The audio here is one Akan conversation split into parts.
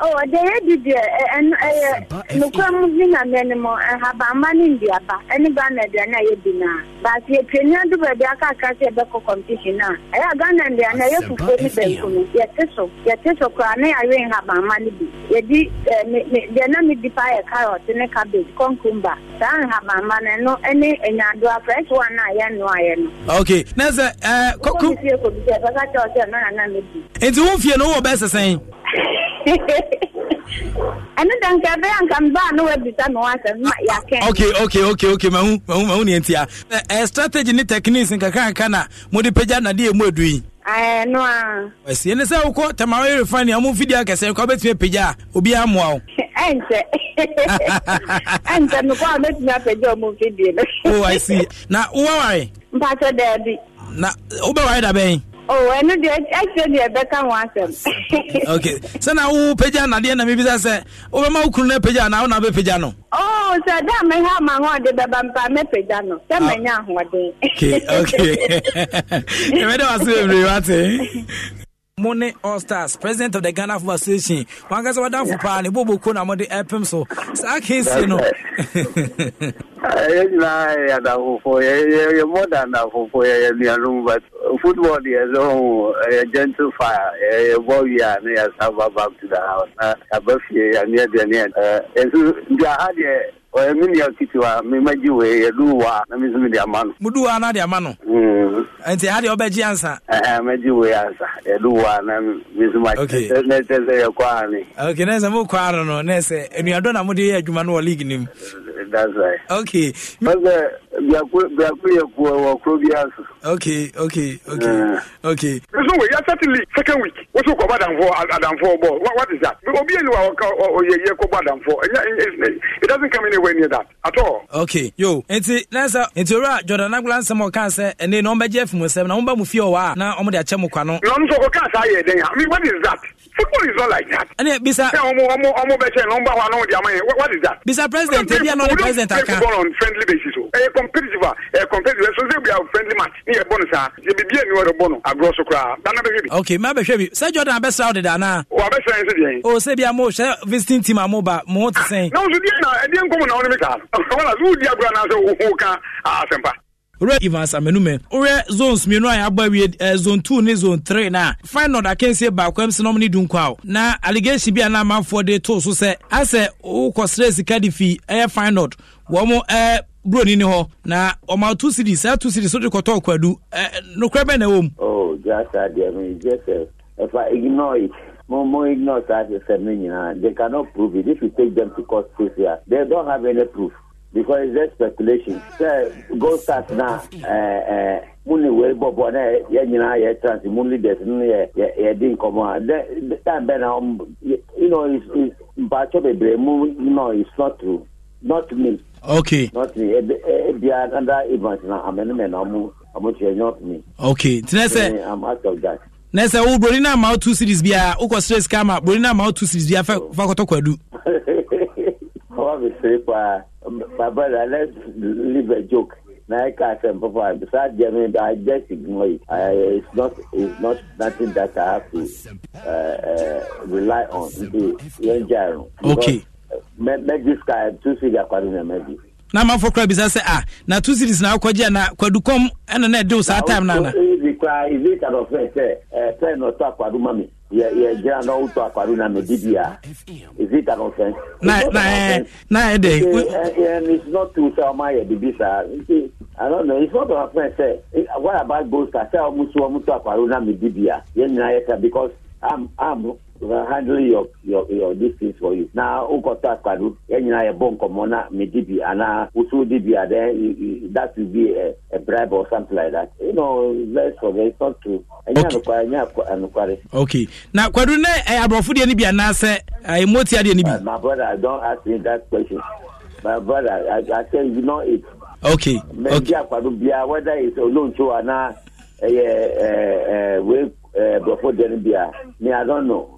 Oh, they had the and Mukamu na minimal and have a man in the upper. Any gun at the night dinner. But your trainer do a Daka Cassia Bako competition. Uh. I have gone and the Anaya to put it back to me. Yes, so, yes, so, Crane, I have money. The enemy defy a carrot a cabbage, concumba. have man and no any and I do a fresh one. I am no iron. Okay, uh, it's best ɛne da nka ɛbɛyɛ anka mbaa ne wabisa me ho asɛm okay okay okay okay mahu mahu mahu ne ntia strategy ne techniques nkakanka na mode pagya nade ɛmu adu yi ɛno a ɛsie ne sɛ wokɔ tamawa refine a momfidi akɛsɛ nkɔ wobɛtumi apagya a obiaa mmoa wo ɛnkyɛ ɛnkyɛ mekɔ a mɛtumi apagya ɔmomfidie no oh i see na wowaware mpakyɛ daabi na wobɛware da bɛn Oh, ɛno deɛ ɛkyerɛ deɛ ɛbɛka ho asɛm. okay sɛ na wo pagya nadeɛ na mebisa sɛ wobɛma wo kunu no apagya na wo na wobɛpagya no oh sɛ da mɛhɛ ama ho ɔde bɛba mpa mɛpagya no sɛ manya ahoɔden okay okay ɛmɛdɛ wase bebree wate Mone All Stars, president of the Ghana Football Association. One guy's about for power, and Bobo Kona Mode Epim. So, I can't say no. More than that, but football is eh, a gentle fire. Eh, a boy, and they are back to the house. A buffet, eh, and near the end. As you had a million kitty, I may make you a do one. I mean, the amount. Mudu, another amount. Hmm nti ha deɛ wobɛgye ansa eh, eh, mɛgye wei ansa ɛde wo a na mesomnɛ sɛ yɛkɔ ane ok na sɛ mokɔ ano no na sɛ anuadɔ na mode yɛ adwuma no wɔ league no mu that's right ok sɛ biako yɛ kuɔ wɔ kuro bi aso ok ok ok eh. ok nso wei yɛsɛte league second week woso kɔbɔ adamfoɔ adamfoɔ bɔ what is that obi ɛni wa yɛkɔbɔ adamfoɔ it doesn't come anywhere near that at all ok yo nti na sɛ nti owura jordan agola nsɛm ɔka sɛ ɛne no bɛgye afi mu nsɛm na moba mu fie ɔwɔ a na ɔmo de akyɛ mo kwa no. lɔm sɔkɔ kaa saa yɛ dɛn a i what is that football is not like that. ɛnɛ bisa. sɛ ɔmo ɔmo ɔmo bɛ sɛ ɔmo hɔ anam di ama yɛ what is that. bisa president ebi anɔ ni president aka. we don't play football on friendly basis o oh. ɛyɛ eh, competitive a ah. ɛyɛ eh, competitive eh, so say we are friendly match ni yɛ bɔ saa yɛ bibi yɛ ni wɔde agorɔ so koraa dana bɛ hwɛ bi. okay mmaa bɛ hwɛ bi sɛ jordan abɛ sira ɔdeda naa. o abɛ sira yɛn sɛ deɛ. o sɛ bi a mo sɛ visiting team a mo ba mo ti sɛn. n'ahosuo diɛ na ɛdiɛ nkɔmɔ na ɔne mi kaa. wala sugu di agorɔ anaasɛ o ka asɛmpa wrɛ evans amanume wrɛ zones mmienu a yɛabɔ awie eh, zone 2 ne zone 3 na fine nɔda kɛnsie baako am sɛ ne dunkaw na allegation bi a na de too so sɛ asɛ wokɔsrɛ sika de fi ɛyɛ fine nɔd wɔn eh, buroni ni hɔ na ɔma two cities saa two cities so de kɔtɔɔ kwadu eh, nokorɛ bɛn na ɛwɔ mu oh, just a deɛ me just if I ignore it more, more ignore that is a meaning. They cannot prove it. If you take them to court, they don't have any proof. because it's just speculation sɛ gold stars na ɛɛ mu ni wei bɔbɔ na yɛ nyinaa yɛ trans mu leaders nu yɛ yɛ di nkɔmɔ a dɛ time bɛ na you know it's it's mpatsɔ bebree you know it's not true not me. okay. not me ebi eh, ebi eh, eh, another event na amɛnumɛ na ɔmu ɔmu tiɛ not me. okay tinɛ sɛ. i'm out of that. na sɛ wo oh, broni na ma wo two series bia wokɔserɛ sika ma broni na ma wo two series bia fa kɔtɔ kwadu mesere paa papa na let's leave a joke na ẹ ka asem papa saa deɛ mi i just ignore it it's not it's not nothing that i have to uh, uh, rely on nti yɛn gya ẹrun. okay uh, mɛ two series akwari na mɛ na amanfo kora bisa sɛ ah na two series na akɔgye na kwadukɔm ɛna na ɛde wo saa time na ana. ebi koraa ebi kan ɔfɛn sɛ ɛɛ fɛn na ɔtɔ akwaduma mi yɛgyina na wotɔ akwado na medidi a is it an offense na ɛyɛ dɛ it's not true sɛ ɔma yɛ bibi saa nti i don't know it's not an offense sɛ what about gosta sɛ ɔmo so ɔmo tɔ akwado na medidi a yɛn nyinaa yɛ because i'm i'm handling your your your these things for you na ụkọta kwado ya nyere ya bụ nkọmọ na medibia na ụsụ dibia then that will be a, a bribe or something like that you know less for the it's not true enye anụkwara enye anụkwara. okay na kwadu na eh, aborɔfo deɛ ni bi anaasɛ eh, emoti adeɛ ni bi. Uh, my brother i don ask me that question my brother i i tell you you know it. okay okay mɛ ndi akwado bia whether it's olonso ana ɛyɛ ɛɛ ɛɛ wey ɛɛ borɔfo deɛ ni bia me i don't know.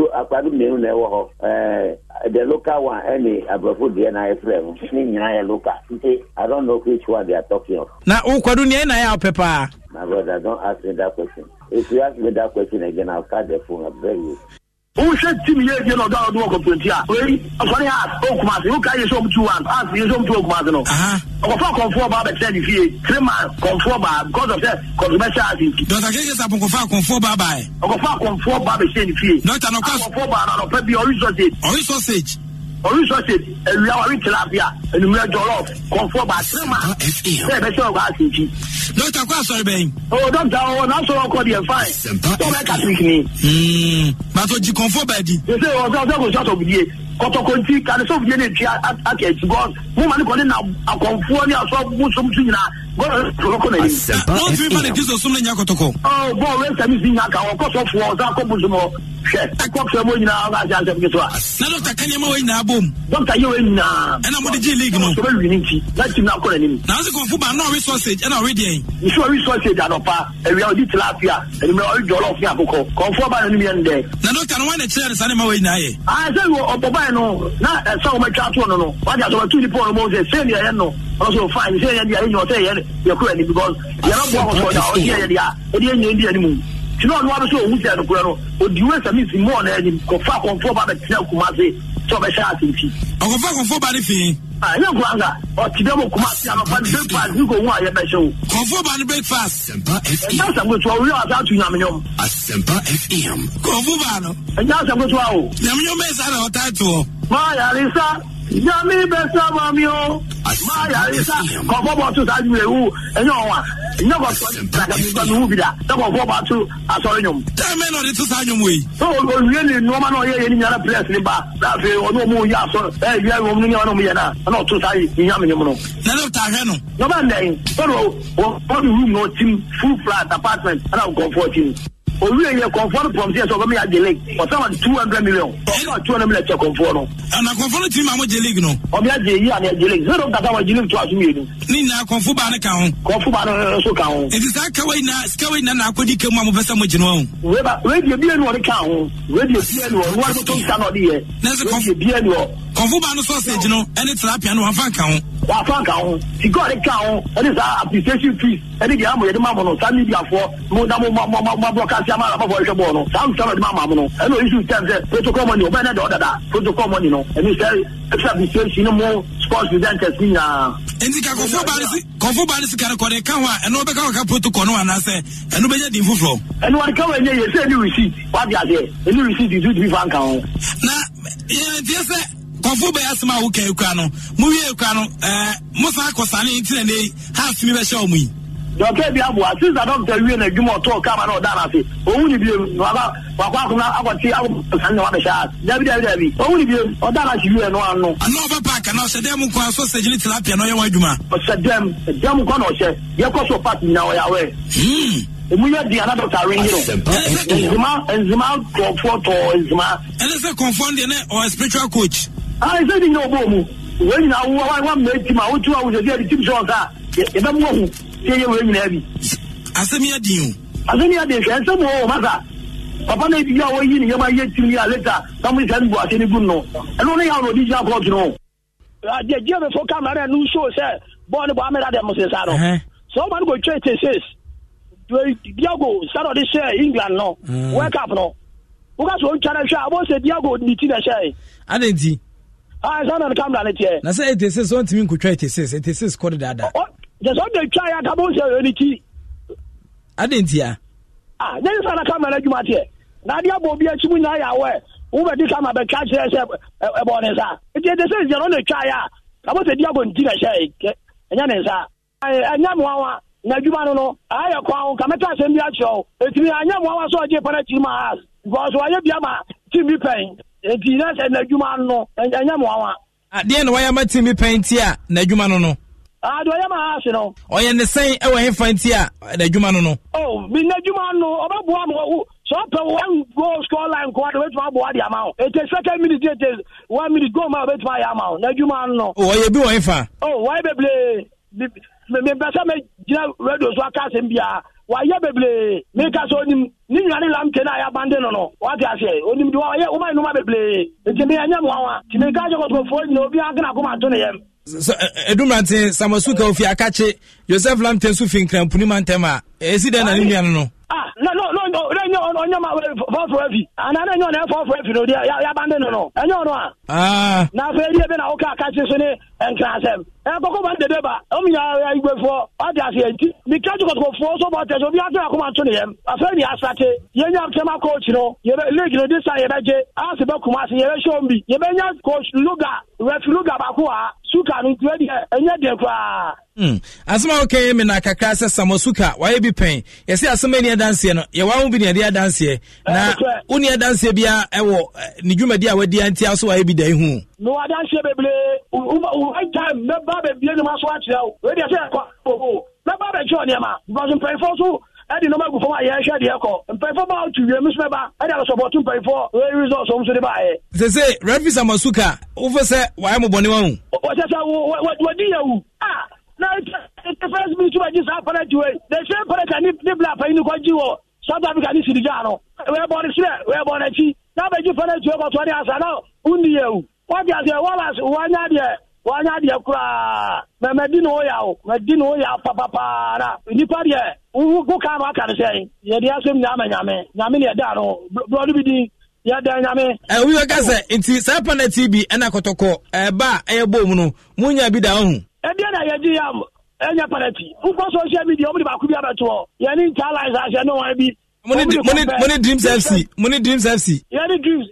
so akpadu mmienu na ɛwɔ hɔ ɛɛ eh, the local one ɛne aborɔfo deɛ na ayɛ frɛ no ne nyinaa yɛ local nti i don't know which one they are talking of. na nkwado nea na yɛ awopɛ paa. my brother don ask me that question if you ask me that question again i will cut the phone very wohwɛ tim yɛ die na ɔda ɔde wɔ kɔmpɛnti a wei ɔsɔre a ɔkumase woka yɛ sɛ ɔm tu one as yɛ sɛ ɔm tu ɔkumase no ɔkɔfa kɔnfoɔ baa bɛkyerɛ ne fie three man kɔnfoɔ baa because of sɛ kɔnfomɛhyɛ ase nti dɔta keke sɛ apɔnkɔfa kɔnfoɔ baa baɛ ɔkɔfa kɔnfoɔ baa bɛhyɛ ne fie dɔta nɔkɔfoɔ baa na nɔpɛ bi ɔre sausage ɔre sausage olu sọ se ewia wa tilapia enumere jọlọ kọfọ ba tere bẹẹ bẹ sẹ ọgá dókítà kó àsọrí bẹ́yìn. o dókítà ọ hmm, n'a sọrọ ọkọ diẹ fain tó bẹ kàtìkì ni. bàtò jì kọfọ bẹẹ di. ṣe ṣe ọsẹ ọsẹ kò sọtọ bìí ye kọtọkọntì kàdé sọfìdíye ni ti akẹ ẹtì bọ mo ma kọ ni na akọnfọ ni asọ musomuso nyinaa ɔtumi ma ne kristo som no nya kɔtɔkɔ bɔɔ wɛsɛmi si nya ka ɔkɔsɔfoɔ ɔsa kɔbu som ɔ hwɛ ɛkɔfɛ mu nyinaa na dɔkta ka nneɛma wɔ nyinaa bom dɔkta yɛ wɔ nyinaa ɛna mode gye league no sɛbɛwi ne na tim na ɔwe sausage ɛna ɔwe deɛn nsu ɔwe sausage anɔpa tilapia anummerɛ ɔwe dɔlɔf ne akokɔ kɔmfo ba no na dɔkta no wane kyerɛ ne saa nneɛma wɔ nyinaa yɛ na ɛsɛ wɔmatwa atoɔ no no wagya sɛ wɔbɛtu nipa ɔnomɔ sɛ also fine sɛ yɛ deɛ ɛnyɛ ɔsɛ yɛ yɛ kura ni because yɛrɛ bɔ ɔsɔ da ɔsɛ yɛ deɛ ɛdi yɛ nyɛ ɛdi mu sinɔ ɔno abɛ sɛ owu sɛ no kura no odi wo sami si mɔɔ na ɛni kɔfa kɔnfɔ ba bɛ tena kuma se sɛ ɔbɛ hyɛ ase nti. ɔkɔfa kɔnfɔ ba ne fii. a yɛ nkura nka ɔti dɛ mo kuma se a ma fa breakfast ni ko n wa yɛ bɛ se o. ba ni breakfast. ɛnta sɛnkoso awo yɛ ɔsa tu nyaminyɔm. asempa fm. kɔnfɔ ba no. ɛnta sɛnkoso awo yami bẹ sẹ ma mi o maa yari sa kọfọ bọ tu sáájú rẹ wu ẹyọ wa ne kọ sọ gbàgbà mi wu bi da ne kọ fọ bọ tu asọrọ nyom. tẹ́ẹ̀mẹ́ náà de sísan nyom wei. tó o o wiye ni nọ́ọ́mà náà yẹ yẹn ní yàrá pírẹ́sì ní ba láàfin ọdún ọmọ yẹ asọrọ ẹ yẹ wọn ní yàrá ọmọ yẹn náà ẹ náà tún sáyé ìyá mi nìmú nù. nana ta hẹ nù. n'o b'a nẹ yen o de o o o de room náà ti full flat apartment ẹ náà gọ fọ ti owurɛ yɛ kɔnfoɔ no pɔmteɛ sɛ ɔbɛma yɛ agye league ɔsama two hundred million ɔma two hundred million kyɛ kɔnfoɔ no ana kɔnfoɔ no tiri ma mo gye league no ɔme agye yi ane agye league sɛdɛ ɔkata ma gye league to aso mmienu ne nyinaa kɔnfo baa ne ka ho kɔnfo baa no nso ka ho ɛti saa kawa nyinaa sika wa nyinaa naakɔdi ka mu a mopɛ sɛ mogye no aho wɛdiɛ bia ne ɔde ka ho wɛdiɛ bia ne ɔ ware bɛtɔ nsa na ɔde yɛ wɛdiɛ bia ne ɔ kɔnfo baa no sɔsage no ɛne terapia no wafa nka ho wafa nka ho sika ɔde ka ho ɛne saa appreciation fees ɛne deɛ amɔ yɛde ma mo no saa mediafoɔ mo na mo ma mo ma mo abɔ kase ti a ma labɔ bɔ ɛhwɛ bɔɔl no saa nsɛm ɛdi ma maamu no ɛna oyi si tɛm sɛ protocol money o bɛ ne dɔ dada protocol money no ɛni sɛ ɛfisa bi se si ne mu sports presenters ni nyinaa. nti ka kɔfo ba si kɔfo ba si kari kɔde kan wa ɛna o bɛ kan ka protocol no anase ɛnu bɛ nye di foforɔ. ɛnu wari kan wa nye yɛ sɛ ɛni receipt wa di aseɛ ɛni receipt di du di fan kan o. na yɛn tiɛ sɛ kɔfo bɛ yasema awo kɛ ekura no mu wi ekura no ɛɛ eh, musa akɔsani ntina ne ha asumi bɛ hyɛ ɔmu yi dɔkita bi abo a sisan dɔkita wiye na edwuma ɔtɔ kama na ɔda n'ase owu ni bie mu waba wakɔ akɔnɔ akɔti akɔ sanni na wabɛhyɛ ase dabi dabi dabi owu ni bie ɔda n'ase wiye no ano. ana ɔbɛ paaki na ɔsɛ dɛm kwan so sɛgyini tilapia na ɔyɛ wɔn adwuma. ɔsɛ dɛm dɛm kwan na ɔhyɛ yɛ kɔ so paaki nyina ɔyɛ awɛ emu yɛ di ana dɔkita ringi no nzima nzima kɔfɔ tɔ nzima. ɛnɛ kɔnfɔn de ne ɔ spiritual coach. aa ɛsɛ ni nyɛ ɔbɔ mu wɔn nyinaa wɔn wɔn mɛ ti ma o tu yɛyɛ wɔ nyinaa bi asɛm yɛ den o asɛm yɛ den sɛ ɛnsɛm wɔ wɔ papa na ebi a wɔyi ne yɛma yɛ tiri a leta na mo sɛ ne bu ase ne gun no ɛno ne yɛ a ɔdi gyina kɔɔto no deɛ gye before camera no show sɛ bɔɔl ne bɔ amera dɛm sɛ saa no sɛ ɔma no go twɛ te six diago saturday hyɛ england no mm. world cup no woka sɛ ɔntwa no hwɛ a wɔn sɛ diago ne ti ah, na hyɛ adanti a ɛsɛ na ne camera ne teɛ na sɛ ɛte six ɔntumi nkotwa ɛte six ɛte six kɔ de daadaa sɛ sɛ ɔde twa yɛ aka bɛhu sɛ ɛne ti ade ndị nyɛ ne sa na kama no adwuma teɛ na ade abɔ obi akyi mu nyinaa yɛ awɛ wobɛdi kama bɛka kyerɛ sɛ ɛbɔ nsa twa a kabɔ di nti na hyɛ ɛnyɛ ne nsa ɛnyɛ mmoawa na adwuma no no ayɛ kwan wo ma ma nti na sɛ n'adwuma no a ade ɔyɛ maa ase no. ɔyɛ ne sɛn ɛwɔ yɛn fan ti a n'adwuma no no. o oh, bi n'adwuma no ɔbɛboa ma ɔwu sɛ ɔpɛ one goal score line kɔ de obetuma aboa adi ama o ete second minute ete one minute goal ma obetuma yɛ ama o n'adwuma no. o oh, ɔyɛ bi wɔ yɛn fa. o oh, wɔyɛ bebree mɛ mpɛ sɛ mɛ gyina radio so aka asɛm bia wayɛ bebree meka sɛ onim ne nwa ne lamke no a yɛabande no no wate aseɛ onim de wɔyɛ woma noma bebree nti meyɛnyɛ mmoawa nti meka kyɛ kɔtɔfoɔ nyina obi agena koma nto ne yɛm edumrante samasuka ofi akakye joseph lamte nso fi nkramponi ma ntɛm a ɛsi dɛn na ne nua no no fɔfɔfi ah, ana ah, ne nyɔ ne fɔfɔfi no yabande no no ɛnyɛ no a ah. na afei die bi na woka akakye so ne nkrasɛm ɛkɔkɔba ndede ba ɔm nyinaa igbefoɔ ɔde aseɛ nti meka gye so bɔ tɛsɛ obi asɛ akoma nto ne yɛm afei ne asate yɛnya ntɛm akɔɔkyi no league no de yɛbɛgye ase bɛkuma ase yɛbɛhyɛ bi yɛbɛnya coach luga refi luga baako a hmm. suka no ntua deɛ ɛnyɛ deɛ koraa asɛm a wokɛyɛ me na kakra sɛ samɔ suka wayɛ bi pɛn yɛsɛ asɛm ani adanseɛ no yɛwa wo bi neade adanseɛ na wo adanseɛ bia ɛwɔ ne dwumadi a wadi antia so wayɛ bi da hu mewɔ adanseɛ bebree right time mɛba bɛbie nnwuma so akyerɛ wo wei deɛ sɛ ɛkɔ oo mɛba bɛkyerɛ nneɛma because mpanyimfoɔ so ɛde nɔɔma agu fam a yɛhwɛ deɛ kɔ mpanyinfoɔ baa otu wiem nso bɛba ɛde abɛsɔbɔtu mpanyinfoɔ ɛyɛ resɔs ɔmo nso de baayɛ. sese refi samasuka wofɛ sɛ wayɛ mɔbɔne wa o. wɔsɛ sɛ wɔdi yɛ wu a na ɛtɛ fɛs bi tuma gyi saa pɛrɛti wɛ de se pɛrɛti ne ne bila panyin kɔ gyi wɔ south africa ne sirija ano wɛ bɔ ne srɛ wɛ bɔ n'akyi n'a bɛ gyi pɛrɛti wɛ kɔtɔ ne asa na wundi yɛ wu wɔdi aseɛ wɔlas wɔnyɛ adeɛ wanya deɛ koraa na ne woya o madi ne woya nnipa deɛ wo ka no aka no sɛ yɛde asɛm nyaama nyame nyame ne yɛda no borɔ bi din yɛda nyame wobibɛ sɛ nti saa tv ɛna kɔtɔkɔ ɛba a ɛyɛ bɔ mu no monya bi da wohu ɛdeɛ na yɛgye yam ɛnyɛ wokɔ social media baako bi abɛtoɔ yɛne ntalines ne wan bi mone dreams fc mone dreams fc yɛne dreams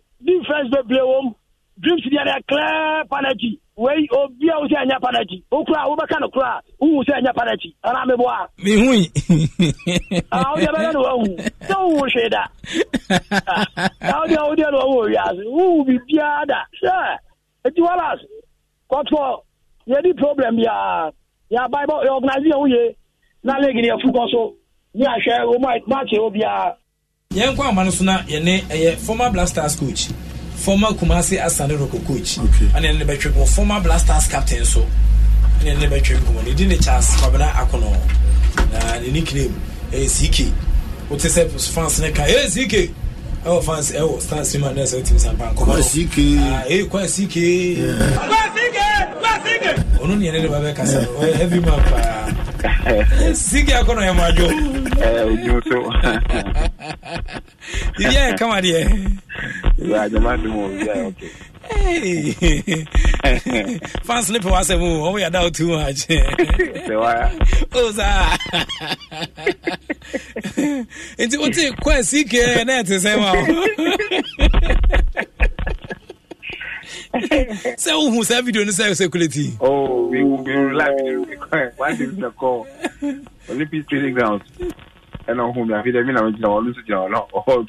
dreams biara clear panaki wei obi a wo sɛ ɛnyɛ panaki wo kora wobɛka no kora a wohu sɛ ɛnyɛ ah anaa meboa mehui wodeɛ bɛyɛ no wahu sɛ wowu hwee da wodeɛ wodeɛ no wawu owiase wowu biribiaa da sɛ ɛti walas kɔtfɔ yɛdi problem biaa yɛ ya yɛ organisation woye na kɔ so ahwɛ so na ɛyɛ former coach former Kumasi Asante Roko coach okay. and then the bɛtwe gu former Blasters captain so and then the bɛtwe gu ne di ne Charles Kwabena Akono na ne nickname ɛyɛ CK wote sɛ fans ne ka ɛyɛ CK ɛwɔ fans ɛwɔ star simon nurse ɛwɔ timi sanpa nkɔmɔ CK ɛyɛ kwa CK kwa CK kwa CK ɔno ne yɛn ne kasa heavy man sigi akɔnɔ yɛ mɔdwo ɛɛ so ibi yɛ kama deɛ ibi adwuma dum o ibi yɛ ɔkɛ fans ne pɛ wasɛm o ɔmo yɛda wo too much o saa nti wote kɔ a sikɛ na ɛte sɛ ma o sɛ wohu saa video no sɛ security oh we will be live what is the call olympic training grounds ɛna ɔhu mi afei dɛ mi na mi gyina hɔ ɔno nso gyina hɔ no ɔhɔ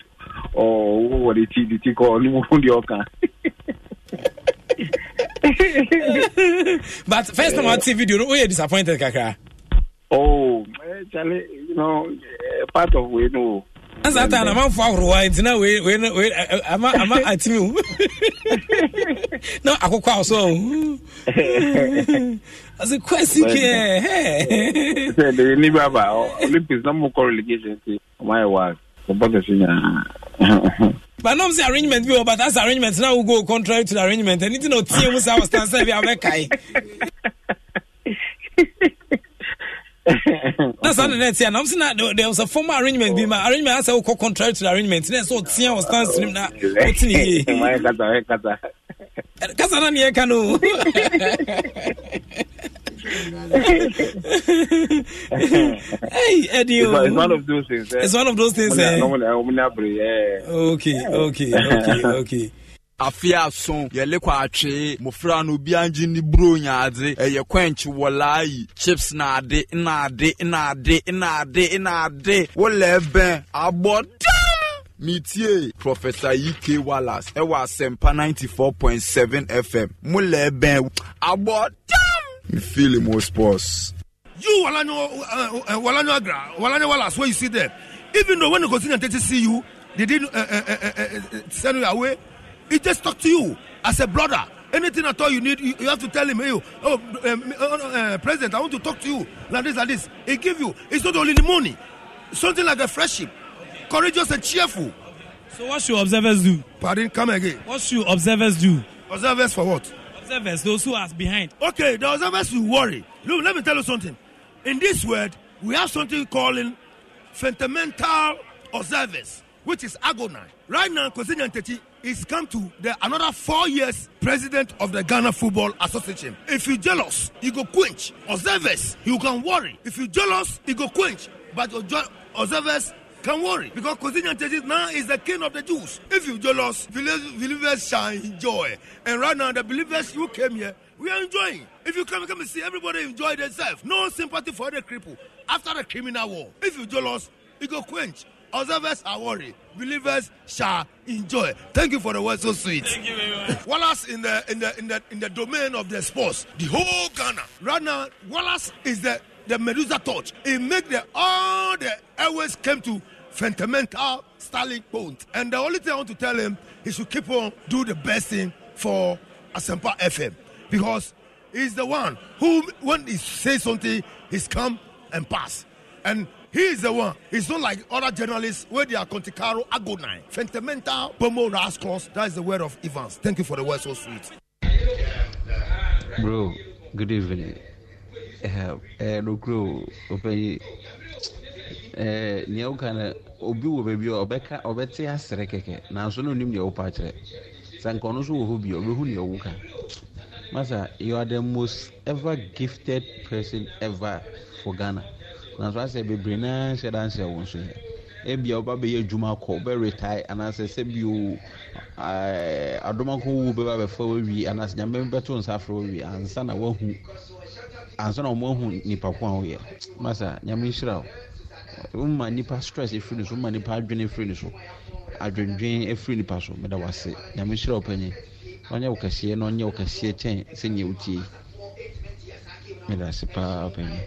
ɔwɔ wɔ de ti de ti kɔ ɔno mu deɛ ɔka but first time I see video no oh, oyɛ disappointed kakra oh ɛkyale eh, you know eh, part of wey no ansa ata na amanfo ahorowa nti na wei wei na wei ama ama atimi wu na akokɔ awo so ɔsi kwesi kɛɛ hɛ. sɛ de ni baba. olympics náà mo kɔ relegation ti ɔmɔ ayɛ wa ɔbɔ kɛse nyinaa. but no say arrangement bi o but as arrangement na we go contrary to the arrangement anything o tie mu sa o stand sef ya o bɛ ka ye. that's not the next year. I'm saying that there was a formal arrangement. Oh. Be my arrangement. I said, "Oh, contrary to the arrangement." Then so Tia was standing now. What's in here? Kasa, kasa. Eh, kasa, na niye kano. hey, Eddie. It's, it's oh. one of those things. Eh? It's one of those things. Eh? eh? Okay, okay, okay, okay afe aso yɛle kɔ atwee mmɔfra no obiara ngye ne buro nyaadze ɛyɛ kwɛnkye wɔ laayi chips na ade na ade na ade na ade na ade wolɛ bɛn abɔda mitie professor ike wallace ɛwɔ asɛmpa 94.7 fm mo lɛ bɛn abɔdam mfili mo sports. you walanyo uh, uh, walanyo agra walanyo wallace where you see there even though when the continent take see you they dey uh, uh, uh, uh, uh, send you away He just talk to you as a brother. Anything at all you need, you, you have to tell him, hey, oh, um, uh, uh, President, I want to talk to you like this, like this. He give you. It's not only the money. Something like a friendship, courageous and cheerful. So what should observers do? Pardon, come again. What should observers do? Observers for what? Observers, those who are behind. Okay, the observers will worry. Look, let me tell you something. In this world, we have something calling fundamental observers, which is agony. Right now, Kosinyan Teti is come to the another four years president of the Ghana Football Association. If you jealous, you go quench. Observers, you can worry. If you jealous, you go quench. But observers can worry because Cousin Jesus now is the king of the Jews. If you jealous, believers shall enjoy. And right now, the believers who came here, we are enjoying. If you come, come and see everybody enjoy themselves. No sympathy for the cripple after the criminal war. If you jealous, you go quench. Observers are worried. Believers shall enjoy. Thank you for the word so sweet. Thank you very much. Wallace in the in the in the in the domain of the sports, the whole Ghana. Right now, Wallace is the the Medusa torch. It make the all the airways came to fundamental starting point. And the only thing I want to tell him, is to keep on do the best thing for Asempa FM because he's the one who, when he says something, he's come and pass. And He is the one. It's not like other journalists where they are Conticaro Agonai. sentimental, Bomo Rascals. That is the word of Evans. Thank you for the word so sweet. Bro, good evening. Uh, uh, no crew, obey. Uh, nea woka no obi wɔ baabi a ɔbɛka ɔbɛte asrɛ kɛkɛ nanso na onim nea wopa kyerɛ sɛ nka ɔno nso wɔ hɔ bi ɔbɛhu nea woka masa you are the most ever gifted person ever for ghana na so asɛ bebree naa hyɛ dansi ɛwɔ nso yɛ ebi a ɔba bɛyɛ adwuma kɔ ɔbɛ retire anaasɛ sɛbi o ɛɛ adomako wu bɛba bɛfa wawie anaasɛ nyame bɛto nsa afra wawie ansa na wahu ansa na wɔn ahu nipa ko a wɔyɛ masa nyame nhyira o mma nipa stress efiri ne so mma nipa adwene efiri ne so adwendwen efiri nipa so meda wase nyame nhyira o panyin ɔnyɛ wo kɛseɛ na ɔnyɛ wo kɛseɛ kyɛn sɛ nyɛ wotie meda ase paa panyin.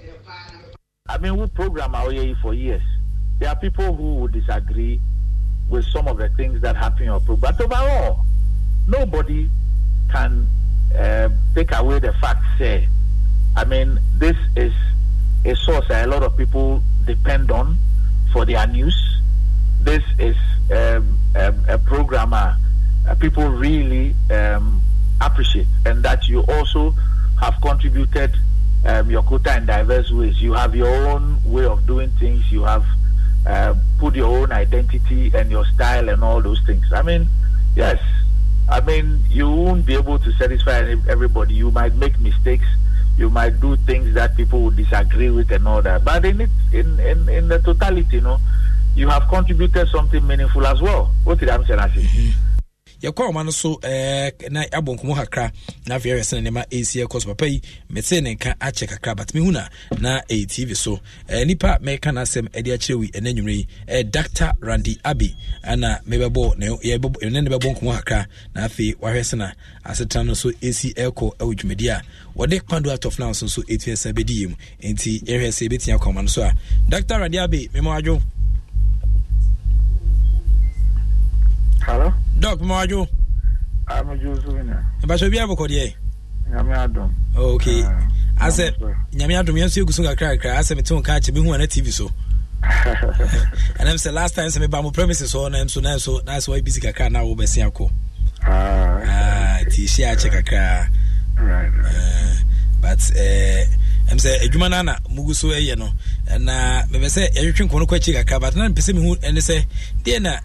I mean, we program our EAE for years. There are people who would disagree with some of the things that happen in our program. But overall, nobody can uh, take away the fact, say, I mean, this is a source that a lot of people depend on for their news. This is um, um, a programmer uh, people really um, appreciate, and that you also have contributed um, your quota in diverse ways. You have your own way of doing things. You have uh, put your own identity and your style and all those things. I mean, yes, I mean you won't be able to satisfy everybody. You might make mistakes. You might do things that people would disagree with and all that. But in it, in in, in the totality, you know, you have contributed something meaningful as well. What did I say? yɛkɔ ɔma no so eh, na abɔ nkɔmmɔ kakra na afei ɛwɛ sɛ ne nneɛma ɛsi ɛkɔ so papa yi mete ne nka akyɛ kakra but mehu na na ɛyɛ tv so eh, nnipa mɛka no asɛm ɛde akyerɛ wei ɛna nwumere yi eh, dr randy abbey ana mebɛbɔ ɛne ne bɛbɔ nkɔmmɔ kakra na afei wahwɛ sɛ na asetena no so ɛsi ɛkɔ ɛwɔ dwumadi a wɔde kwando atɔf no nso so ɛtua sɛ bɛdi yɛ mu enti yɛhwɛ sɛ yɛbɛtia kɔma no so a dr randy abbey mema adwo Hello? Doc, Mawajo. Ah, ah, I'm a Joseph. But you'll be able to call nyame adom okay asɛ nyame adom yɛn nso yɛgu so kakrakra asɛ mete wo ka kyɛ bɛhu ana tv so ɛnam sɛ last time sɛ meba mo premises hɔ nam so na so na sɛ wayɛ busy kakra na wobɛse akɔ nti hyia akyɛ kakraa but ɛm eh, sɛ adwuma no ana mugu so ɛyɛ no na mebɛ sɛ yɛhwetwe nkɔ no kɔ akyi kakra but na mpɛ sɛ mehu ɛne sɛ deɛ na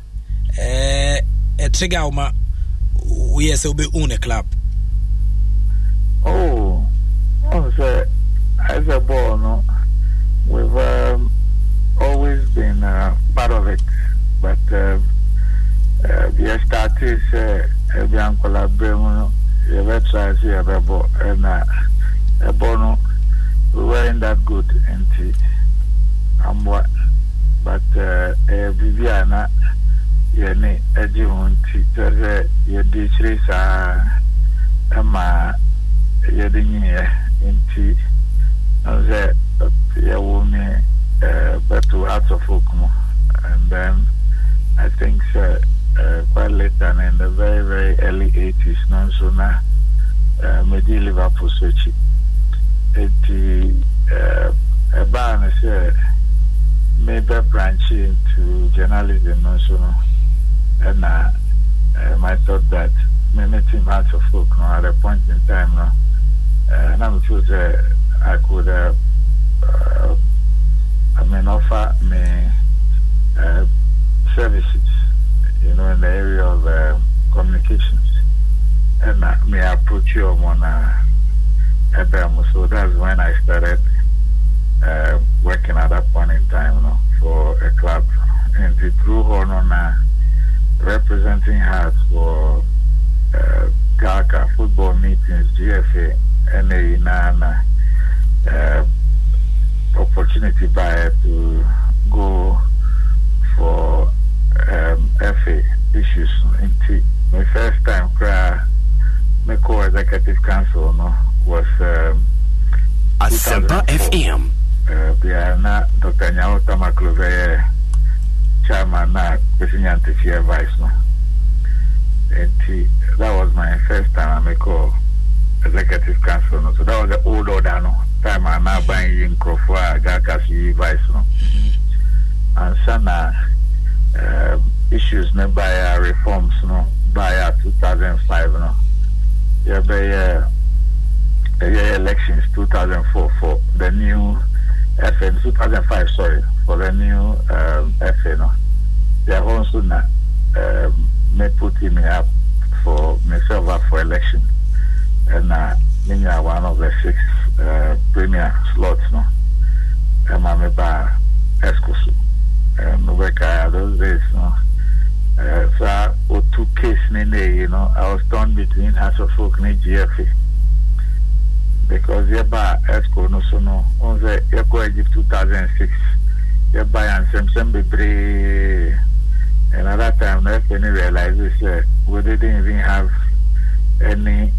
eh, eh, trigger uma woyɛ sɛ wobɛu ne club oh ɔn sɛ ɛsɛ bɔɔl no we've um, always been uh, part of it but uh, uh, yɛstartee sɛ ɛbi ankɔla berɛ mu no yɛbɛtrae sɛ yɛbɛbɔ ɛna ɛbɔ no we were that good nti uh, amboa but ɛyɛ uh, biribi uh, a na yɛne agye ho nti kyerɛ yɛde kyire saa ɛma yɛde nyineɛ nti sɛ yɛwo me eh, bɛto out mu and then i think sɛ eh, quite late and in the very very early 80s no nso na uh, medi liverpool so akyi nti ɛbaa no sɛ mebɛ branche into journalism no nso no and uh, um, uh, I thought that my meeting out of folk you know, at a point in time, you know, uh, and I'm sure that I could, uh, uh, I mean, offer me uh, services, you know, in the area of uh, communications, and uh, may approach you on a uh, Ebemo. So that's when I started uh, working at that point in time, you know, for a club, and it grew on. Uh, representing Hearts for uh, football meetings, GFA, NA, Nana. Uh, opportunity by to go for um, FA issues. my first time, my co executive council no, was. Um, Asempa FM. Uh, Dr. Nyao Tamakloveye chairman na no that was my first time I call executive council no so that was the old order no time i na aban yi nkurɔfoɔ a gaka so yi vice no mm-hmm. ansa na um, issues ne baeɛ uh, reforms no uh, 2005 no yeah, yɛyɛ uh, elections 2004 for the new FM 2005, sorry, for the new um, FA. No? They are also not, uh, um, May put me up for myself up for election. And uh, me one of the six uh, premier slots. No? And I'm about Escosu. And we out those days. No? Uh, so, two cases. you know, I was torn between House of Folk and GFA because yɛba esco no so no ɔn sɛ yɛkɔ egypt two thousand six yɛba yansɛmsɛm bebree and at that time na yɛfɛ ne realize sɛ uh, we didn't even have any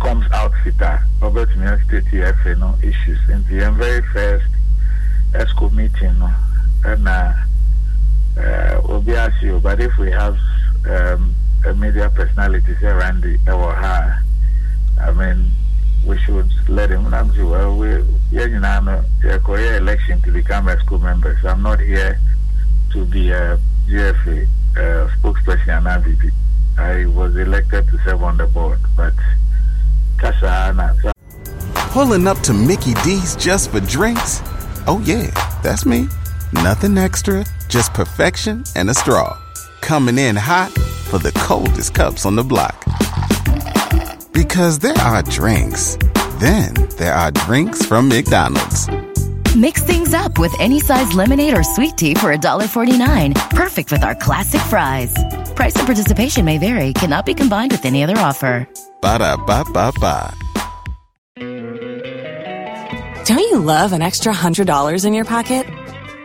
comes outfit a state astate yɛfɛ no issues in the very first esco meeting no ɛna uh, uh, obi asi you but if we have um, a media personality sɛ randy ɛwɔ ha i mean we should let him know. we, election to become school members. I'm not here to be a GFA uh, spokesperson and I was elected to serve on the board, but Pulling up to Mickey D's just for drinks? Oh, yeah, that's me. Nothing extra, just perfection and a straw. Coming in hot for the coldest cups on the block. Because there are drinks, then there are drinks from McDonald's. Mix things up with any size lemonade or sweet tea for $1.49. Perfect with our classic fries. Price and participation may vary, cannot be combined with any other offer. Ba da ba ba ba. Don't you love an extra $100 in your pocket?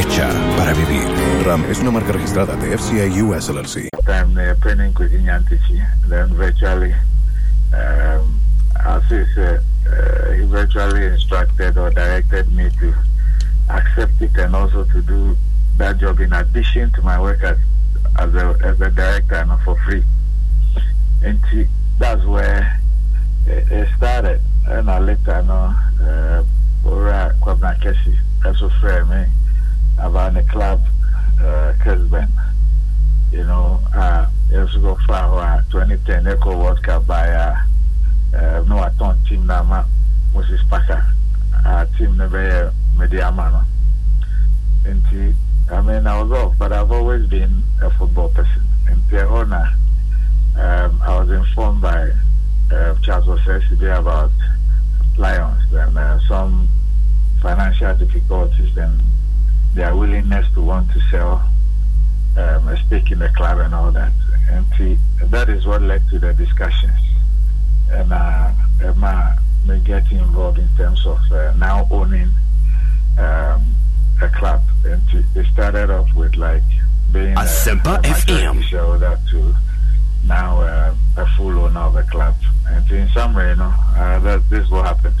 hecha para vivir. Ram es una marca registrada de FCI US LLC. then uh, uh, uh, instructed or directed me to accept it and also to do that job in addition to my work as as a, as a director and for free. And that's where it, it started. And I later know, uh, Kwabna Kesi, that's a friend, Havana Club, uh, You know, uh, yesu go far 2010 Echo World Cup by uh, uh no aton team na ma Moses Parker, uh, team never media man. I mean, I was off, but I've always been a football person. In honor, um, I was informed by uh, Charles Osei about Lions and uh, some financial difficulties and their willingness to want to sell um, a stake in the club and all that. And see, that is what led to the discussions. And uh, Emma may get involved in terms of uh, now owning um, a club. And it started off with like being a, a simple a FM that to now uh, a full owner of the club. And in summary, you know, uh, that, this will happen.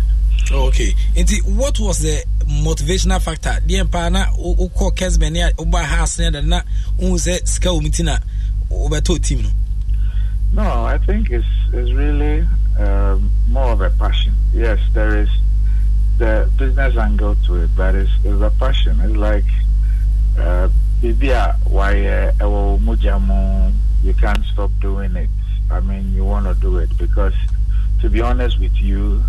Oh, okay. And what was the motivational factor deɛ mpaa na wokɔ a na wohu sɛ sika wɔ mu ti na wobɛtɔ no No, I think it's, it's really uh, more of a passion. Yes, there is the business angle to it, but it's, it's a passion. It's like uh, you can't stop doing it. I mean, you want to do it because, to be honest with you,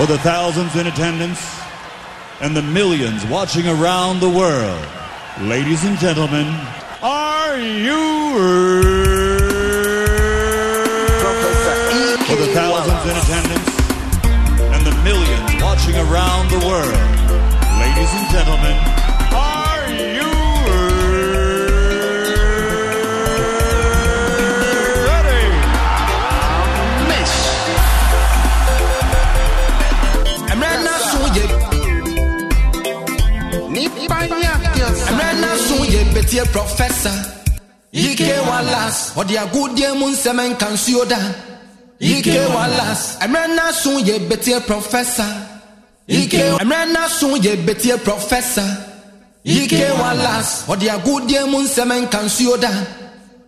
for the thousands in attendance and the millions watching around the world. Ladies and gentlemen, are you for the thousands in attendance and the millions watching around the world. Ladies and gentlemen, betie prɔfɛsa yike walas ɔde agudeɛ mu nsɛm nka nsuo da yike walas mmerɛ naso yɛ betie prɔfɛsa yike mmerɛ naso yɛ betie prɔfɛsa yike walas ɔde agudeɛ mu nsɛm nka nsuo da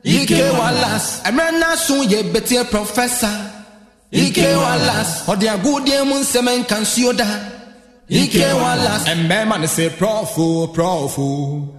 yike walas mmerɛ naso yɛ betie prɔfɛsa yike walas ɔde agudeɛ mu nsɛm nka nsuo da yike walas mmarima ne se prɔfo oh, prɔfo. Oh.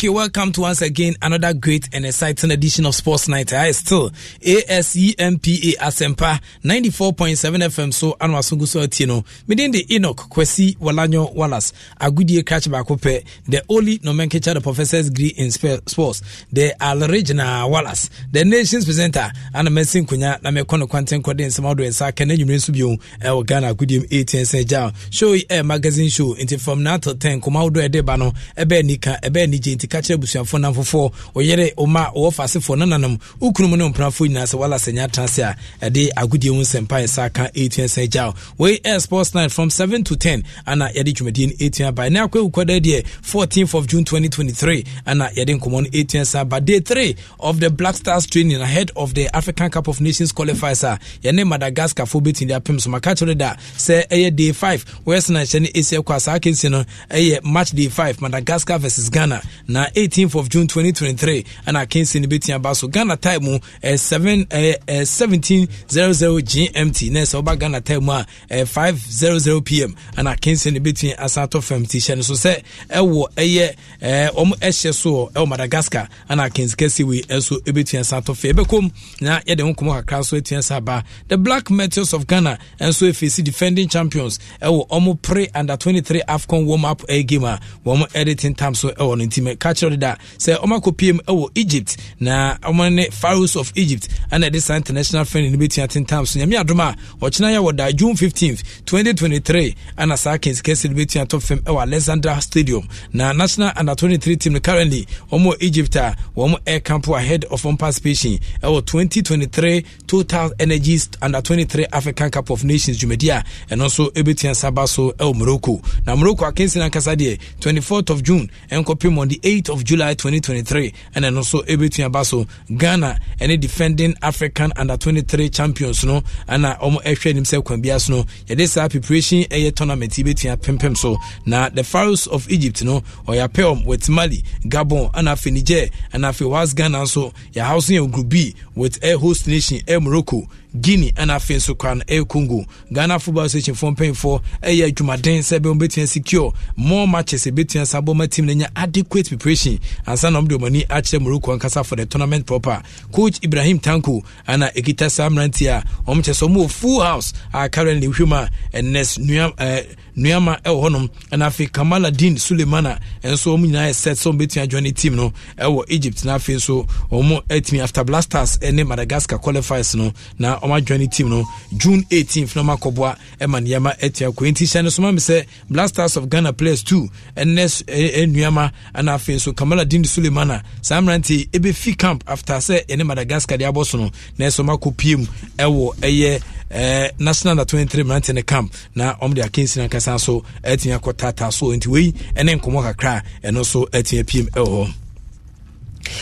Okay, welcome to once again another great and exciting edition of Sports Night. I eh, still ASEMPA Asempa 94.7 FM. So, Anwa Sungu So Tino, Midin the Enoch, Kwesi Walanyo Wallace, Agudie Catch Bakope, the only nomenclature the professor's agree in sports, the original Wallace, the nation's presenter, and eh, a Kunya, Namekono Quantum Cordin Samado and Sakan, and you Subio, El Ghana, Gudim 18 Sejao. Show a eh, magazine show, into from now to 10, Komaudo Edebano, Ebenika, Ebenika. ka kyerɛ abusuafoɔ namfofoɔ ɔyere ɔma ɔwɔ faasefoɔ no nanom wokunumu ne mprafoɔ nyinaa sɛ wala sɛnya atrase a ɛde agodie ho nsɛmpa yɛ sa ka ɛtua sɛ gyaw wei ɛ sports night from 7 to 10 ana yɛde dwumadie no ɛtua ba ne akɔ awukɔda deɛ 14 of june 2023 ana yɛde nkɔmmɔ no ɛtua sa ba day 3 of the black stars training ahead of the african cup of nations qualifiers a yɛne madagascar foɔ bɛtumi de apem so maka kyerɛ da sɛ ɛyɛ day 5 wɛsena nhyɛ ne ɛsi akɔ a saa kɛsi no ɛyɛ match day 5 madagascar versus ghana na na 18th of June 2023 ɛna Kingston bɛtia ba so Ghana time mu eh, 7 eh, eh, 1700 ah, eh, eh, eh, GMT na sɛ ɔba Ghana time mu a eh, 500 PM ɛna Kingston bɛtia asanto fam ti hyɛ no so sɛ ɛwɔ ɛyɛ eh, ɔmo ɛhyɛ so ɛwɔ Madagascar ɛna Kingston kɛse wei ɛso ɛbɛtua asanto fam ɛbɛkɔm na yɛde ho nkɔmɔ kakra so ɛtua sa ba the Black Metals of Ghana ɛnso ɛfɛsi defending champions ɛwɔ ɔmo pre under 23 AFCON warm up eh, game ah. one more editing time so ɛwɔ no nti ka kyerɛ deda sɛ ɔma kɔpiem ɛwɔ egypt na ɔma ne pharaohs of egypt ana ɛde saa international friend no bɛtua tentam so nyame adom a ɔkyena yɛ wɔ da june 15th 2023 ana saa kensikɛsi no bɛtua top fam ɛwɔ alexandra stadium na national under 23 team no currently ɔmɔ egypt a wɔn ɛkampo ahead of on participation ɛwɔ 2023 total energies under 23 african cup of nations dwumadi a ɛno nso ɛbɛtua saba so ɛwɔ morocco na morocco akensi no ankasa deɛ 24th of june ɛnkɔpem on the 8 8 of July 2023 and then also ebetua baso Ghana any defending African under 23 champions no and um uh, ehwe nim sɛ kwan bias no yɛde saa uh, preparation ɛyɛ eh, tournament ebetua pempem so now the Pharaohs of Egypt no ɔyɛ apɛm with Mali Gabon and afei Niger and afei was Ghana so yɛ housing yɛ group B with a host nation a eh, Morocco guinea ɛna afei nso kora ɛyɛ eh, congo ghana football association fo mpanyinfoɔ ɛyɛ eh, adwumaden sɛ bɛn bɛtumi secure more matches bɛtumi asa bɔma team no nya adequate preparation ansa na ɔmde ɔmani akyerɛ morocco ankasa for the tournament proper coach ibrahim tanko ana ɛkita eh, saa mmeranti a ɔmkyɛ sɛ ɔmowɔ full house a currently hwɛ mu ɛnɛs nua ɛɛ nnuama ɛwɔ hɔnom ɛna afei kamaladin sulemana nso wɔn nyinaa yɛ set sɛ wɔn bɛtumi adwa ne team no ɛwɔ egypt na afei nso wɔn atumi after blasters ne madagascar qualifiers no na wɔn adwa ne team no june 18th na wɔn akɔboa ɛma nneɛma atumi akɔ nti hyɛn no so maa mi sɛ blasters of ghana players two ɛnɛ nnuama ɛna afei nso kamaladin sulemana saa ebe ebɛfi camp after sɛ ɛne madagascar de abɔ so no na ɛsɛ wɔn akɔ pie mu ɛyɛ eh, national na 23 mmerante no camp na ɔmde akensi no ankasa so eh, atumi akɔ taataa so nti wei eh, ne nkɔmmɔ kakra ɛno eh, nso atumi apiem ɛwɔ hɔ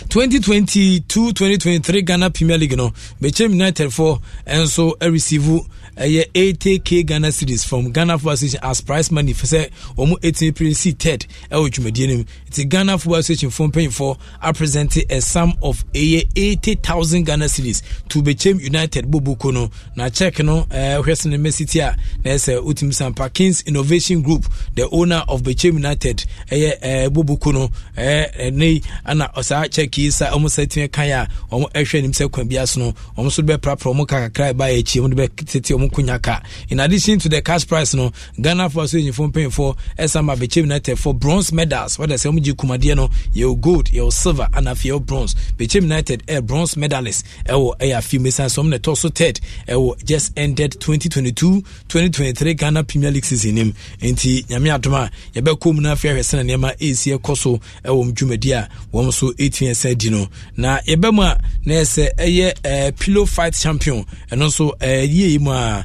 2022-2023 Ghana Premier League no Bechem United for a ɛreceive ɛyɛ eighty k ghana series from ghana football association as prize money sɛ wɔn eighteen pere si third ɛwɔ dwumadie no mu nti ghana football association fo mpanyinfoɔ apresente a sum of ɛyɛ eighty thousand ghana series to bekyem united bobu ko no na check no ɛɛ hwɛ sɛ ne mɛsi ti a na ɛsɛ otim sampa kings innovation group the owner of bekyem united ɛyɛ ɛɛ bobu ko no ɛɛ ɛne ɛna ɔsaa check yi sa wɔn sɛ tiɛ kan yɛ a wɔn ɛhwɛ nim kwan bi aso no wɔn nso bɛ prapra wɔn kakra ɛba yɛ wɔn bɛ tete wɔn ho kunyaka in addition to the cash prize, no ghana for so nyimfo mpanyimfo ɛsan ma bɛkyɛm united for bronze medals wɔde sɛ wɔn gye kumadeɛ no your gold your silver and afei yɛwɔ bronze bɛkyɛm united ɛyɛ bronze medalist ɛwɔ ɛyɛ afei mesan so wɔn na ɛtɔ so third ɛwɔ just ended 2022 2023 ghana premier league season nim nti nyame adom a yɛbɛkɔ mu na afei ahwɛ sɛnɛ nneɛma esi ɛkɔ so ɛwɔ wɔn dwumadie a wɔn nso etumi ɛsɛn di no na yɛbɛ mu a na yɛ sɛ ɛyɛ ɛɛ pillow fight champion ɛno nso ɛɛ eh, yie yi mu a uh,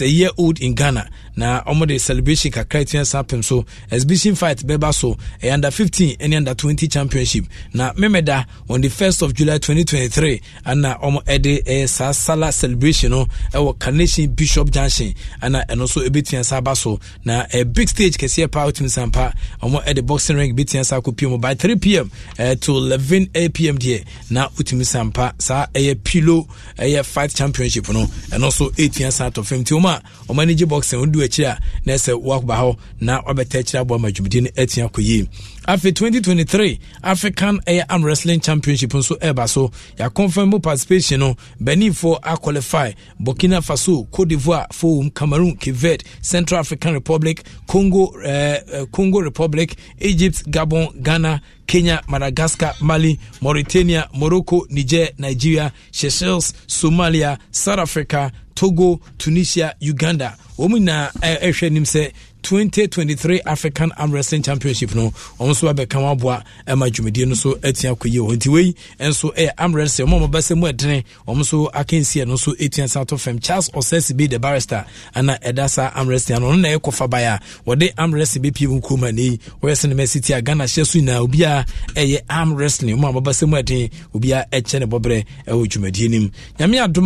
a year old in Ghana. na ɔmode celebration kakra tia sa pem so exhibition fight bɛba so ɛyɛ e under 15 ne under 20 championship na memeda on the 1st of july 2023 ana ɔmo ɛde ɛyɛ e saa sala celebration no ɛwɔ e carnation bishop junction ana ɛno nso ɛbɛtua sa aba so na ɛ big stage kɛseɛ paa wotumi sampa ɔmo ɛde boxing ring bɛtua sa akɔ pm by 3 pm uh, to 11 apm deɛ na wotumi sampa saa ɛyɛ pilo ɛyɛ fight championship no ɛno so ɛtua sa atɔ fam nti wɔn a ɔmo ani gye boxing adu akyire a na ɛsɛ woaba hɔ na wabɛta akyire aboa ma dwumadi atia kɔ yie afei 2023 african ɛyɛ arm wrestling championship nso ɛreba so yɛaconfirm mu participation no banifoɔ aqualify burkina faso cote d'ivoire fom cameroon kivet central african republic congo, uh, congo republic egypt gabon ghana kenya madagascar mali mauritania morocco niger nigeria seychelles somalia south africa togo tunisia uganda wɔn nyinaa ɛhwɛ nim sɛ 2023 African Arm Wrestling Championship no wɔn nso abɛka wɔn aboa ɛma dwumadie no nso ɛtua akɔ yie wɔn nti wei nso ɛyɛ arm wrestling wɔn a wɔbɛsɛ mu ɛdene wɔn nso akansi ɛno nso ɛtua san to fam Charles Osesi bi the barrister ɛna ɛda saa arm wrestling ano ɔno na ɛyɛ kɔfa baya wɔde arm wrestling bi pie mu kurom ɛna yi wɔyɛ sinima ɛsi tia Ghana hyɛ so nyinaa obiara ɛyɛ arm wrestling wɔn a wɔbɛsɛ mu ɛdene obiara ɛkyɛ ne bɔbrɛ ɛwɔ dwumadie nim nyame adum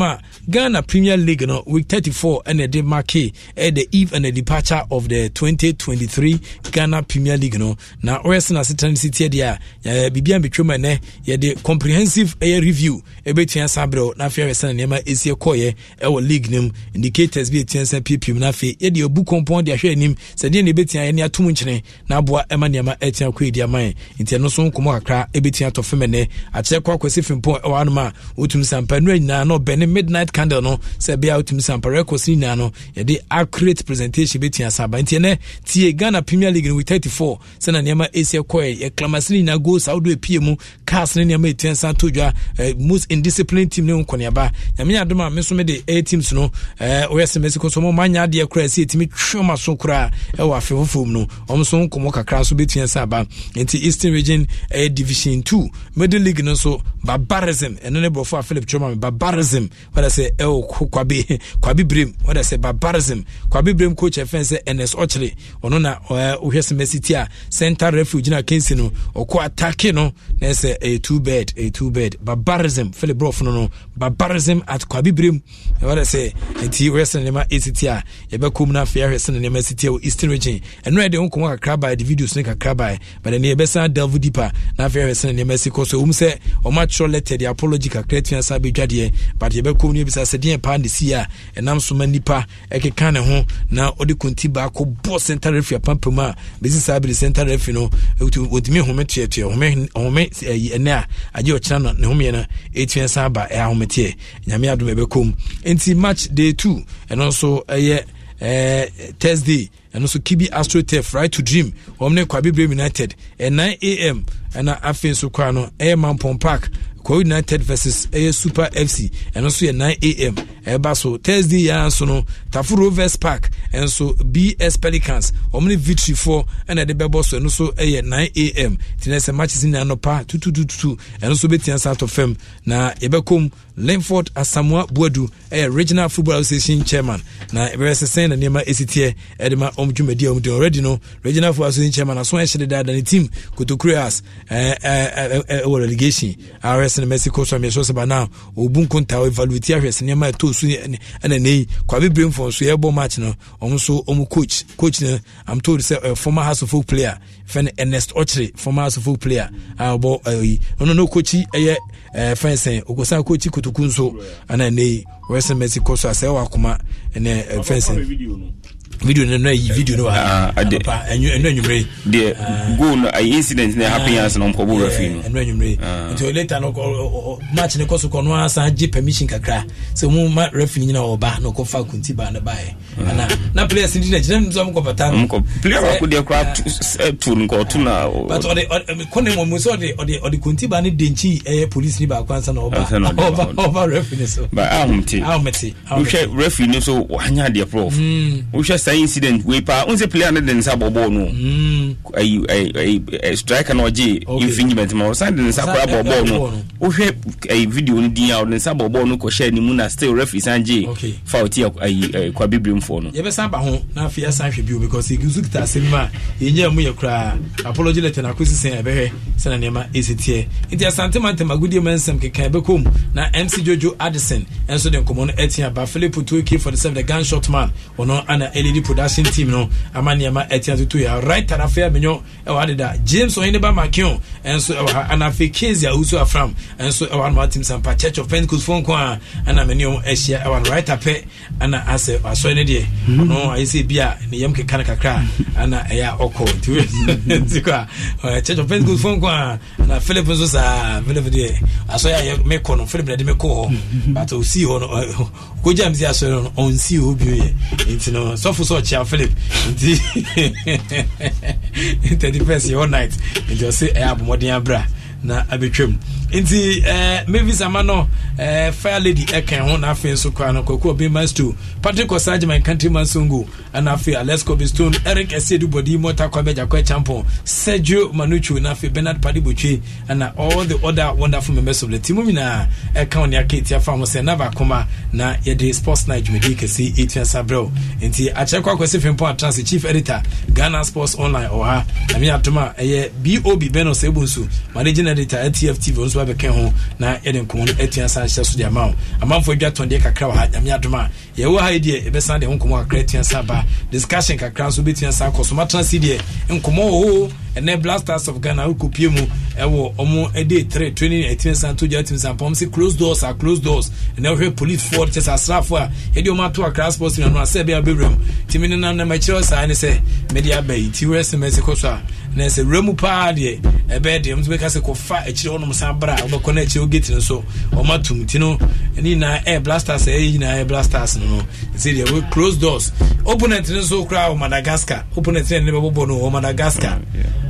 Ghana Premier League no week 34 ɛna ɛde mark ɛyɛ the eve and the departure of the 2023 ghana premier league no na ɔyɛ sena setena no sitiɛ deɛ a biribia mbɛtwam ɛnɛ yɛde comprehensive ɛyɛ review ɛbɛtua sa berɛw na afei awɛsɛ na nneɛma ɛsie kɔɔyɛ ɛwɔ league no mu indicators bi ɛtua sa piepiem no afei yɛde abu kɔmpɔn de ahwɛ anim sɛ deɛ ne ɛbɛtua ɛne atom nkyene na aboa ɛma nneɛma ɛtua kɔ ɛdi ama nti ɛno nso nkɔmmɔ kakra ɛbɛtua tɔ fam ɛnɛ akyerɛ kɔ akɔsi fimpɔn ɛwɔ anom a wɔtumi sampa nnura nyinaa na ɔbɛne midnight candle no sɛ ɛbɛa wotumi sampa rɛkɔsi nyinaa no yɛde accurate presentation bɛtua sa nti nti ɛnɛ tie ghana premier league no with 34 sɛna nneɛma ɛsi ɛkɔɛ yɛklamasɛ no nyinaa goals ahodoɔ ɛpie mu cars ne nneɛma ɛtia nsa to dwa most indisciplined team ne nkɔneaba nyame nyɛ adom a me so mede ɛyɛ teams no wɔyɛ e, sɛ mɛsi ko so mɔmanyɛ adeɛ koraa ɛsɛ ɛtumi twema so koraa e, ɛwɔ afe foforɔ no ɔm so nkɔmmɔ kakra so bɛtua sɛ aba nti eastern region ɛyɛ e, division 2 middle league no so barbarism ɛno ne borɔfo a philip twoma me barbarism wɔda sɛ ɛwɔ kwabe kwabe berem wɔda sɛ barbarism kwabe berem coach ɛfɛn sɛ ns ɔkyere ɔno na wohwɛ semɛsi ti a center refuge na kensi no ɔkɔ atake no na sɛ ɛyɛ two bed ɛyɛ two bed barbarism philip brɔfo no no barbarism at kwabibrem ɛwɛdɛ sɛ nti wohwɛ sɛ nneɛma ɛsiti a yɛbɛkɔ mu no afei ahwɛ sɛ nneɛma ɛsiti a wɔ eastern region ɛno ɛde wo nkɔmmɔ kakra bae de videos no kakra bae but ɛne yɛbɛsan delve deeper na afei ahwɛ sɛ nneɛma ɛsi kɔ so ɛwom sɛ ɔma atwerɛ letter de apology kakra atua sa bɛdwadeɛ but yɛbɛkɔ mu no yɛbisa sɛ deɛ paa ne si a ɛnam so ma nnipa ɛkeka ne na ɔde konti bɔ central refi apampam a bɛsi saa bere central refi no wɔtumi home teɛteɛ home ɛnɛ a agye ɔkyena no ne homeɛ no ɛtumi san aba ɛyɛ ahometeɛ nyame adom ɛbɛkɔ mu enti match day two ɛno nso ɛyɛ eh, thursday ɛno nso kibi astrotef right to dream wɔm ne kwabebrɛ united ɛ 9 am ɛna afei nso kwa no ɛyɛ mampɔn park kwawe united versus ɛyɛ super fc ɛno nso yɛ 9 am ɛba so thursday yɛa nso no tafo rovers park ɛnso bs pelicans ɔmo ne victory foɔ ɛna ɛde bɛbɔ so ɛno so ɛyɛ 9am nti na sɛ matches nyinaa no paa tutututu ɛno so bɛtia sa atɔ fam na yɛbɛkɔm linford asamoa boadu ɛyɛ eh, regional football association chairman na ɛbɛyɛ sɛ sɛn na nneɛma ɛsi teɛ ɛde eh, ma ɔm dwumadi a ɔm de already no regional football association chairman aso ɛhyɛ dedaada ne team kotokureas ɛwɔ eh, relegation rs no mɛsi kɔ so a meɛsɛ sɛ ba no a ɔbu nkontaa evaluate ahwɛ sɛ nneɛma ɛtɔ nso ɛna ne kwabe bremfo nso yɛbɔ match no ɔmo nso ɔmo coach coach no i'm told sɛ ɔyɛ former house player fɛn ernest ɔkyere former house player a ɔbɔ ɛyi ɔno no kochi ɛyɛ ɛɛ fɛn sɛn okosan kochi kotoku nso ɛna ne wɔyɛ sɛ mɛsi kɔ so asɛ wɔ akoma ɛnɛ fɛn sɛn video no ayi eh, video no apa ah, ah, ah, ɛnu ɛnu ɛnumere. deɛ goal no ayi incident na happen as na ɔmpɔ bɔbɔ fi no. ɛnu ɛnumere nti later no match ne kɔsɔ kɔ no asan gye permission kakra sɛ mu ma ref ni nyina ɔba na ɔkɔ fa kunti ba ne ba yɛ eh. ana na players ni na gyina nso ɔmukɔ pata no. ɔmukɔ player baako deɛ kora tu eh, nkɔ tu na. but ɔde ɔde kɔnɛ mu mu sɛ ɔde ɔde ɔde kunti ba ne denkyi ɛyɛ police ni baako ansa na ɔba ɔba ɔba referee ni so. ba ahomte ahomte. wohwɛ ref so wanya deɛ prof. wohwɛ mm saa incident wei paa n sɛ player no de nsa bɔ bɔɔl no hmm. eh, striker na ɔgye infringement ma ɔsan de nsa kora bɔ bɔɔl no wohwɛ eh, video no din a ɔde nsa bɔ bɔɔl no kɔhyɛ ne mu na still referee san gye foul ti eh, kwa bibirimfoɔ no yɛbɛsan ba ho na afei asan hwɛ bio because ɛgusu kita asɛm mu a yɛnyaa mu yɛ koraa apology letter na akosi sɛn ɛbɛhwɛ sɛna nneɛma ɛsi teɛ nti asantema ntɛm agudie ma nsɛm keka ɛbɛkɔ mu na mc jojo addison ɛnso de nkɔmmɔ no ɛtia ba philip tuo k47 the gunshot man ɔno ana ɛli 3d production team no ama nneɛma ɛtea toto yɛ right anafe amenyɔ ɛwɔ ha james ɔhene ba makion ɛnso ɛwɔ ha anafe kezi awusu afram ɛnso ɛwɔ ha no sampa church of pentecost fo a ɛna mene ɔm ahyia ɛwɔ no right apɛ ɛna asɛ asɔre no deɛ ɔno hmm. ayɛ sɛ bi a ne yam keka no kakra ɛna ɛyɛ a ɔkɔ nti kɔ a church of pentecost fo a na philip nso saa philip deɛ asɔre a mekɔ no philip na de mekɔ hɔ but ɔsii hɔ no kogya msi asɔre no ɔnsi obi yɛ nti no sɔfo sɛ ɔkyea philip nti thirty first yɛ all night nti ɔse ɛyɛ eh, abɔmmɔden abra na abɛtwam nti ɛɛ eh, mavis amano ɛɛ eh, fire lady ɛkɛn eh, ho na afei nso kora no kɔkɔ ɔbɛn mas two patrick ɔsaagyema nkante ma songo ɛna afei alex kobe stone eric ɛsɛdu bɔdi mɔta kɔ abɛgya kɔ ɛkyampɔn sergio manucho na afei bernard padibotwe ɛna all the other wonderful members of the team nyinaa ɛka wɔn ne akeeti afa wɔn sɛ naba kɔma na yɛde sports night dwumadie kɛse etua sabrɛw nti akyɛ kɔ akɔsi fimpɔn atrase chief editor ghana sports online ɔha ɛmi atoma ɛyɛ bob bɛnɔ sɛ ebonsu managing editor ɛtf tv nso abɛka ho na yɛde nkɔmmɔ no atua san hyɛ so de ama wo amanfoɔ adwa tɔn deɛ kakra wɔ ha nyame adom a yɛwɔ ha yi deɛ yɛbɛsan de ho nkɔmmɔ kakra atua san ba discussion kakra nso bɛtua san kɔ so matena si deɛ nkɔmmɔ wɔ hɔ ɛnɛ blasters of ghana wokɔpie mu ɛwɔ ɔmo de tre training atumi san to gya atumi san pɔm sɛ close doors a close doors ɛnɛ wohwɛ policefoɔ kyɛ sɛ asrafoɔ a yɛde ɔmo ato akra sports no ano a sɛ ɛbɛyɛ wobɛwura mu timi ne nam na makyerɛ saa ne sɛ mede aba yi ti werɛ sɛ mɛsi na sɛ wura mu paa deɛ ɛbɛyɛ deɛ ɔmo bɛka sɛ kɔfa akyire hɔnom san bra wobɛkɔ no akyire ogate no so ɔma tom ti no ne nyinaa ɛyɛ blasters ɛyɛ nyinaa ɛyɛ blasters no no ɛsɛ deɛ wɔ close doors opponent no so koraa wɔ madagascar opponent no ne bɛbɔbɔ no wɔ madagascar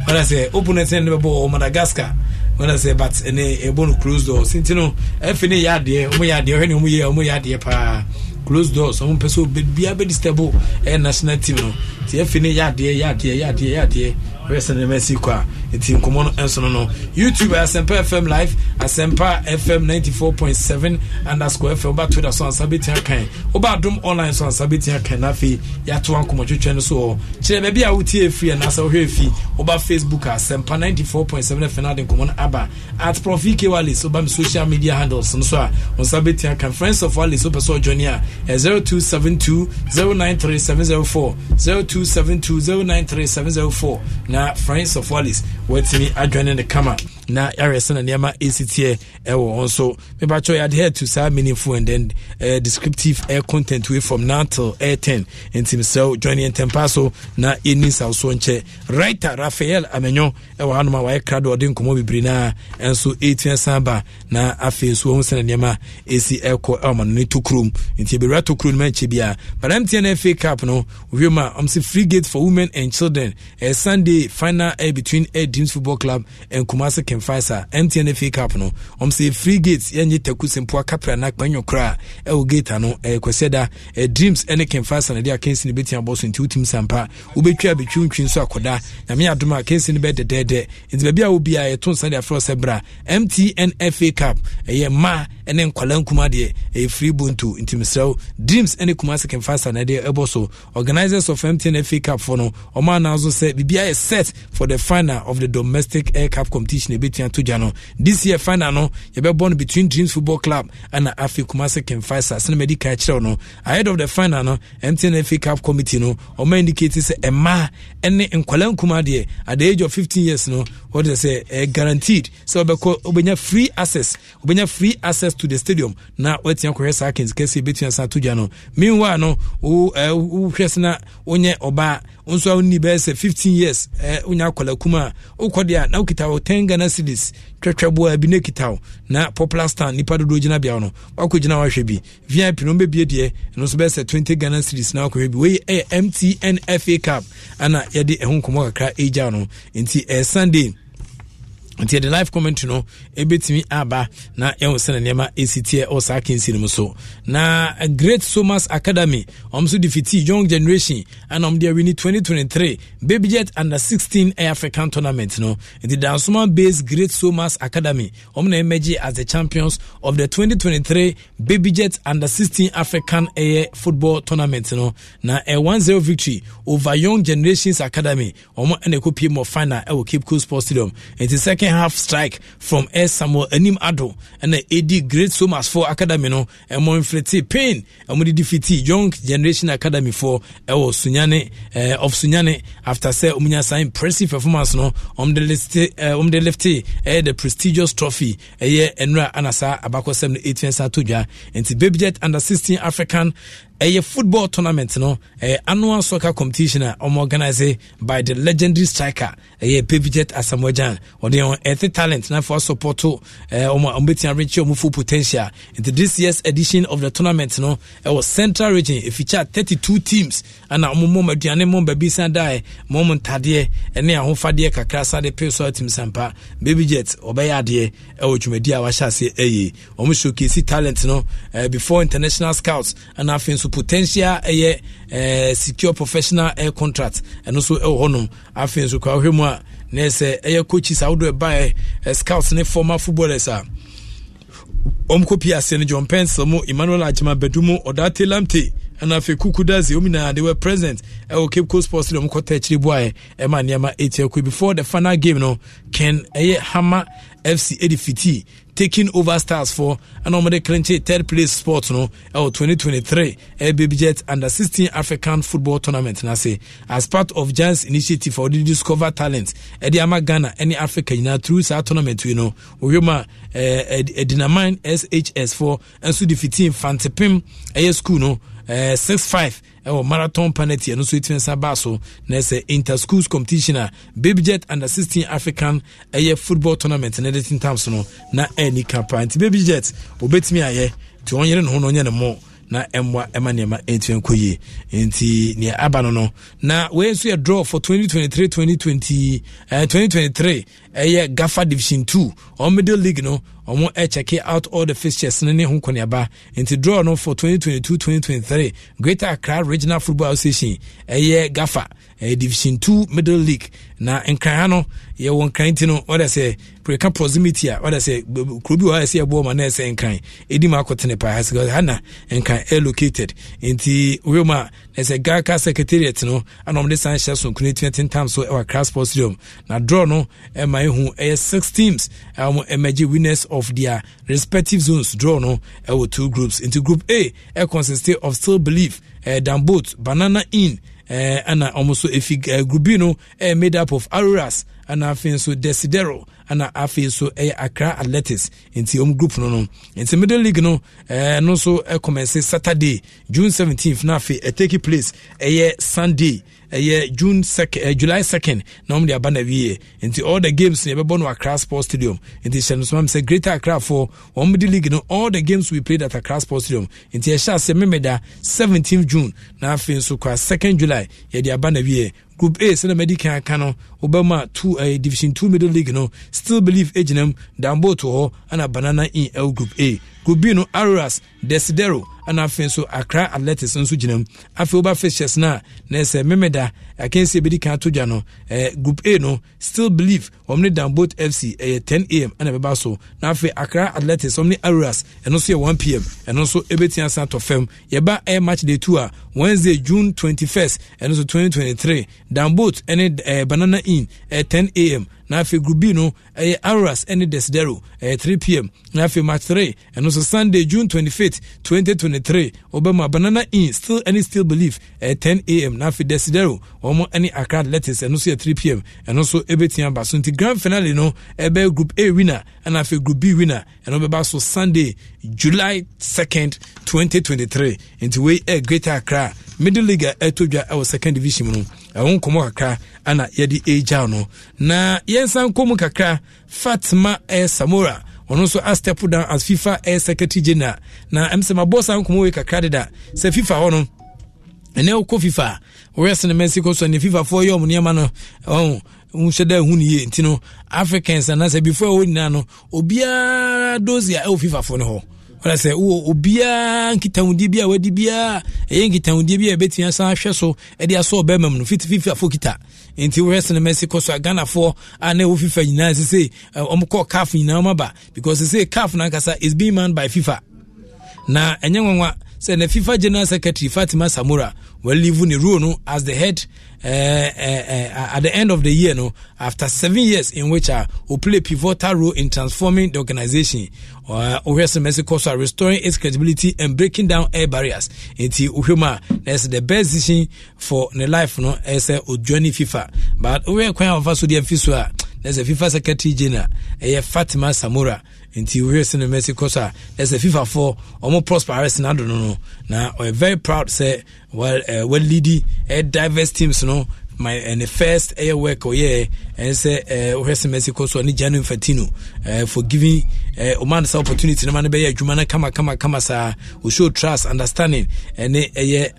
ɔna sɛ opponent no ne bɛbɔ wɔ madagascar wọn sɛ but ɛnɛ ɛbɔ no close doors nti no ɛfɛ ne yɛ adeɛ ɔmo yɛ adeɛ ɔhɛ ne ɔmo yɛ ɔmo yɛ adeɛ paa close doors ɔmo pɛ sɛ obi bia bɛ disturb ɛyɛ national team no ti ɛfɛ ne yɛ adeɛ yɛ adeɛ western mɛsi kɔ a nti nkɔmmɔ no nsono no youtube asɛmpa fm live asɛmpa fm 94.7 underscore fm woba twitter so ansa bɛtia kan woba adom online so ansa bɛtia kan na afei yɛatoa nkɔmmɔtwetwɛ no so hɔ kyerɛ baabi a wotie ɛfiri anaasɛ wohwɛ ɛfi woba facebook a asɛmpa 94.7 fm no ade nkɔmmɔ no aba at profit k wales woba me social media handles no so a wo nsa bɛtia friends of wales wopɛ sɛ ɔdwɔne a ɛ 0272 093704 0272 093704 na friends of wales wɔatumi adwane ne kama na yɛareɛ sɛ na nneɛma ɛsitiɛ ɛwɔ ɔ nso mebakyɛ yɛ adhere to saa meaningful and then uh, descriptive air eh, content way from now till air 10 ntim sɛ join yɛ ntɛmpa so na yɛni nsawosoɔ nkyɛ writer rafael amanyɔ ɛwɔ hanom a wayɛ krado ɔde nkɔmmɔ bebree no ɛnso ɛtua san ba na afei nso wɔhu sɛ na nneɛma ɛsi ɛkɔ ɛwɔ ma no ne tokurom nti yɛbɛwura tokuro no ma nkyɛ bi a but mtn no fa cap no wiem a ɔm free gate for women and children uh, sunday final air between air dreams football club and kumase akemfa Pfizer mtn fa cup no ɔm sɛ free gate yɛnye taku sempoa kapra na kpanyo kora ɛwɔ gate ano ɛyɛ kwasiada dreams ne kemfa sa na de akensi no bɛtumi abɔ so nti wotumi sampa wobɛtwa bɛtwi ntwi nso akɔda nyame adom a akensi no bɛdɛdɛɛdɛ nti baabi a wo bia yɛto nsa de afrɛ sɛ bra mtn fa cup ɛyɛ ma ne nkwala nkuma deɛ ɛyɛ free bonto nti mesrɛ dreams ne kuma se kemfa sa na de ɛbɔ so organizers of mtn fa cup fo no ɔma anaa so sɛ biribiaa yɛ set for the final of the domestic air cup competition bɛtumi ato no this year final no yɛbɛbɔ no between dreams football club ɛna afei kumase kemfisa sɛne madi ka kyerɛw no ahead of the final no mtn fa cup committee no ɔma indicate sɛ ɛmaa ɛne nkwala nkuma deɛ at the age of 15 years no wɔde sɛ eh, guaranteed sɛ wobɛkɔ wobɛnya free access wobɛnya free access to the stadium na woatia kɔhwɛ saa kensikɛsɛ yɛbɛtumi asa ato dwa no meanwhile no wohwɛ eh, sɛ na wonyɛ ɔbaa wo nso a wonni bɛyɛ sɛ 15 years wonya akɔla kum a wokɔ deɛ a na wokita wo 10 ghana cities twɛtwɛboa bi ne kita wo na popular stan nipa dodoɔ gyina bea no woakɔgyina woahwɛ bi vip no bɛbie deɛ ɛno nso bɛyɛ sɛ 20 ghana cities na wakɔhwɛ bi wei ɛyɛ mtn fa cup ana yɛde ɛho nkɔmmɔ kakra ɛgya no nti ɛyɛ sunday nti yɛde live comment no ɛbɛtumi aba na ɛhu sɛne nneɛma ɛsi teɛ ɔ saa kensi no mu so na eh, great somas academy ɔm so defiti young generation ana ɔmde awini 2023 babyjet under 16 african tournament no nti dansoma based great somas academy ɔm na ɛmɛgye as the champions of the 2023 babyjet under 16 african air football tournament no na a eh, 1-0 victory over young generations academy ɔm ɛna ɛkɔpie mɔ final ɛwɔ cape cool sports stadium nti second second half strike from S samuel anim ado the AD great Somers for academy no more mfiriti pain and de defeat young generation academy for ɛwɔ eh, oh, sunyane eh, of sunyane after sɛ ɔmo impressive performance no ɔmo de lifte ɛɛ the prestigious trophy ɛyɛ eh, nnura anasa abako seventy eight and fɛnsa to the nti baby jet under sixteen african. ɛyɛ football tournament no ɛyɛ annual soccer competition a uh, ɔmo organise by the legendary striker ɛyɛ pevijet asamoagyan ɔde wɔn ɛte talent na afɔ support ɛɛ ɔmo eh, a ɔmo betia reach ɔmo full potential nti this year's edition of the tournament no ɛwɔ central region efikyɛ thirty two teams ɛna ɔmo mɔmɔ aduane mɔmɔ baabi san da yɛ eh, mɔmɔ ntadeɛ ɛne ahofadeɛ kakra san de pe so atim sampa pevijet ɔbɛyɛ adeɛ ɛwɔ eh, dwumadi a wahyɛ aseɛ ɛyɛ ɔmo showcase talent no ɛɛ before international scouts ɛna afei nso potential ɛyɛ eh, eh, eh, secure professional air contract ɛno eh, nso ɛwɔ hɔnom afei nso kɔ ahwɛ mu a na ɛsɛ ɛyɛ coaches ahodoɔ ɛbaeɛ eh, scouts ne former footballers a wɔn kɔ pii aseɛ no john pencil mu emmanuel Ajima, badu mu ɔdate lamte ɛna afei kuku daze wɔn nyinaa they were present ɛwɔ cape coast sports league wɔn kɔ tɛ akyire bu ayɛ ɛma nneɛma etia kɔ before the final game no ken ɛyɛ hammer fc ɛde taking over stars for ɛna wɔn de kirinkye third place sport no ɛwɔ 2023 ɛyɛ jet under 16 african football tournament n'ase as part of giants initiative for the discover talent ɛde ama ghana ɛne africa nyinaa through saa tournament yi no wɔyɛ mu a ɛɛ ɛdinaman shs for ɛnso de fiti fantepem ɛyɛ school no uh, 65 ɛwɔ uh, marathon penalty ɛno eh, nso ɛtumi nsa baa so na ɛsɛ eh, interschools competition a eh, babyjet under 16 african ɛyɛ football tournament na ɛde tintam so no na ɛni kapa nti babyjet obɛtumi ayɛ nti ɔnyere ne ho na ɔnyɛ ne mo na ɛmmoa ɛma nneɛma ɛntumi nkɔ yie nti nea aba no no na wei nso yɛ draw for 2023 2020 uh, 2023 ɛyɛ gafa division Two ɔn middle league no ɔmo ɛkyɛke eh, out all the fixtures no ne ho nkɔneaba nti draw no for 2022-2023 greater accra regional football association ɛyɛ gafa ɛyɛ division 2 middle league na nkran no yɛwɔ nkran ti no ɔda sɛ preka proximity a ɔda sɛ kuro bi wɔ ayɛ sɛ ɛboɔ ma na ɛsɛ nkran ɛdi mu akɔtene paa sɛ hana nkran ɛ eh, located nti wei mu a ɛsɛ gaka secretariat no ana ɔmde san hyɛ sonkone tintintam so ɛwɔ uh, accra sports stadium na draw no ɛma ɛhu ɛyɛ six teams ɛwɔ uh, ɛmɛgye winners of their respective zones draw no ɛwɔ uh, two groups into group a ɛconsiste of still belief ɛɛ danbot banana inn ɛɛ ɛna ɔmo so efi ɛɛ group b no ɛɛ made up of aroras ɛna afei nso desidero ana afei so ɛyɛ accra athletics nti ɔm group no no nti middle league no ɛno nso ɛkɔmɛnse saturday june seventeenth th na afei ɛtake place ɛyɛ sunday ɛyɛ june second uh, eh, july second na wɔn de aba na wie nti all the games yɛ bɛbɔ no accra sports stadium nti hyɛn nso mam sɛ greater accra fo wɔn de league no all the games we played at accra sports stadium nti ɛhyɛ ase mmemmeda seventeen june na afei nso kora second july yɛ de aba na wie group a sɛnɛ mɛdi kan aka no wobɛma two uh, division two middle league no still believe egyinam dambo to hɔ ɛna banana in l group a group b no aroras desidero ana afei nso akra athletics nso gyina mu afei woba fishers no a na ɛsɛ memeda akansi ɛbɛdi kan to dwa no eh, group a no still believe wɔm ne danbot fc ɛyɛ eh, 10am ana ɛbɛba so na afei akra athletics wɔm ne aruras ɛno nso yɛ 1pm ɛno nso ɛbɛtia san tɔ fam yɛba ɛyɛ match day two a wednesday june 21st ɛno nso 2023 danbot ɛne eh, banana in 10am na afei group b no ɛyɛ aras ne desidero ɛyɛ 3 pm na afei match 3 ɛno nso sunday june 25 2023 wɔbɛma banana in still any still belief ɛyɛ 10 am na afei desidero wɔn ne accra athletics ɛno nso yɛ 3 pm ɛno nso ɛbɛtumi aba so nti grand finale no ɛbɛyɛ group a winner ɛna afei group b winner ɛno bɛba so sunday july 2nd 2023 nti wei ɛyɛ greater accra middle league a ɛto dwa ɛwɔ second division mu no ɛho nkɔmmɔ kakra ana yɛde ɛgya no na yɛnsa nkɔ mu kakra fatma ɛ samora ɔno nso astep down as fifa ɛ secretary general na ɛm sɛ mabɔ saa nkɔmmɔ wei kakra deda sɛ fifa hɔ no ɛnɛ wokɔ fifa woyɛ sene mexico so ne fifafoɔ yɛ ɔmo nneɛma no ɔho nhyɛ da hu no yie nti no africans anaasɛ before ɛwɔ nyinaa no obiara dozi a ɛwɔ fifafoɔ no hɔ wɔn sɛ wowɔ obiara nkitahodie bi a wadi biara ɛyɛ nkitahodie bi a ɛbɛtumi asan ahwɛ so ɛde asɔ ɔbɛrima mu no fiti fifi afɔ kita nti wɔhwɛ sinima si kɔ so a ghanafoɔ a na ɛwɔ fifa nyinaa sese wɔn kɔ caf nyinaa wɔn aba because sese caf nankasa is being manned by fifa na ɛnyɛ nwanwa sɛ na fifa general secretary fatima samura will leave ne role no as the head uh, uh, uh, at the end of the year no after seven years in which uh, will play pivotal role in transforming the organisation, uh, ohwɛ sɛ mɛsi so restoring its credibility and breaking down air barriers nti ohwɛ mu a na ɛsɛ the best decision for ne life no ɛsɛ uh, oduani fifa but ohwɛ kwan a wɔfa so deɛ fi so a na ɛsɛ fifa secretary general ɛyɛ fatima samura nti wohwɛ sɛ no mɛsi kɔ so a ɛsɛ fifafoɔ ɔmo prosperes no ado no no na ɔyɛ very proud sɛ walidi ɛyɛ diverse teams no my and the first air work or oh, yeah and say uh eh, where's Messi Koso and Janu Infantino uh for giving uh Oman opportunity no man be a Jumana kama kama kama sa we show trust understanding and a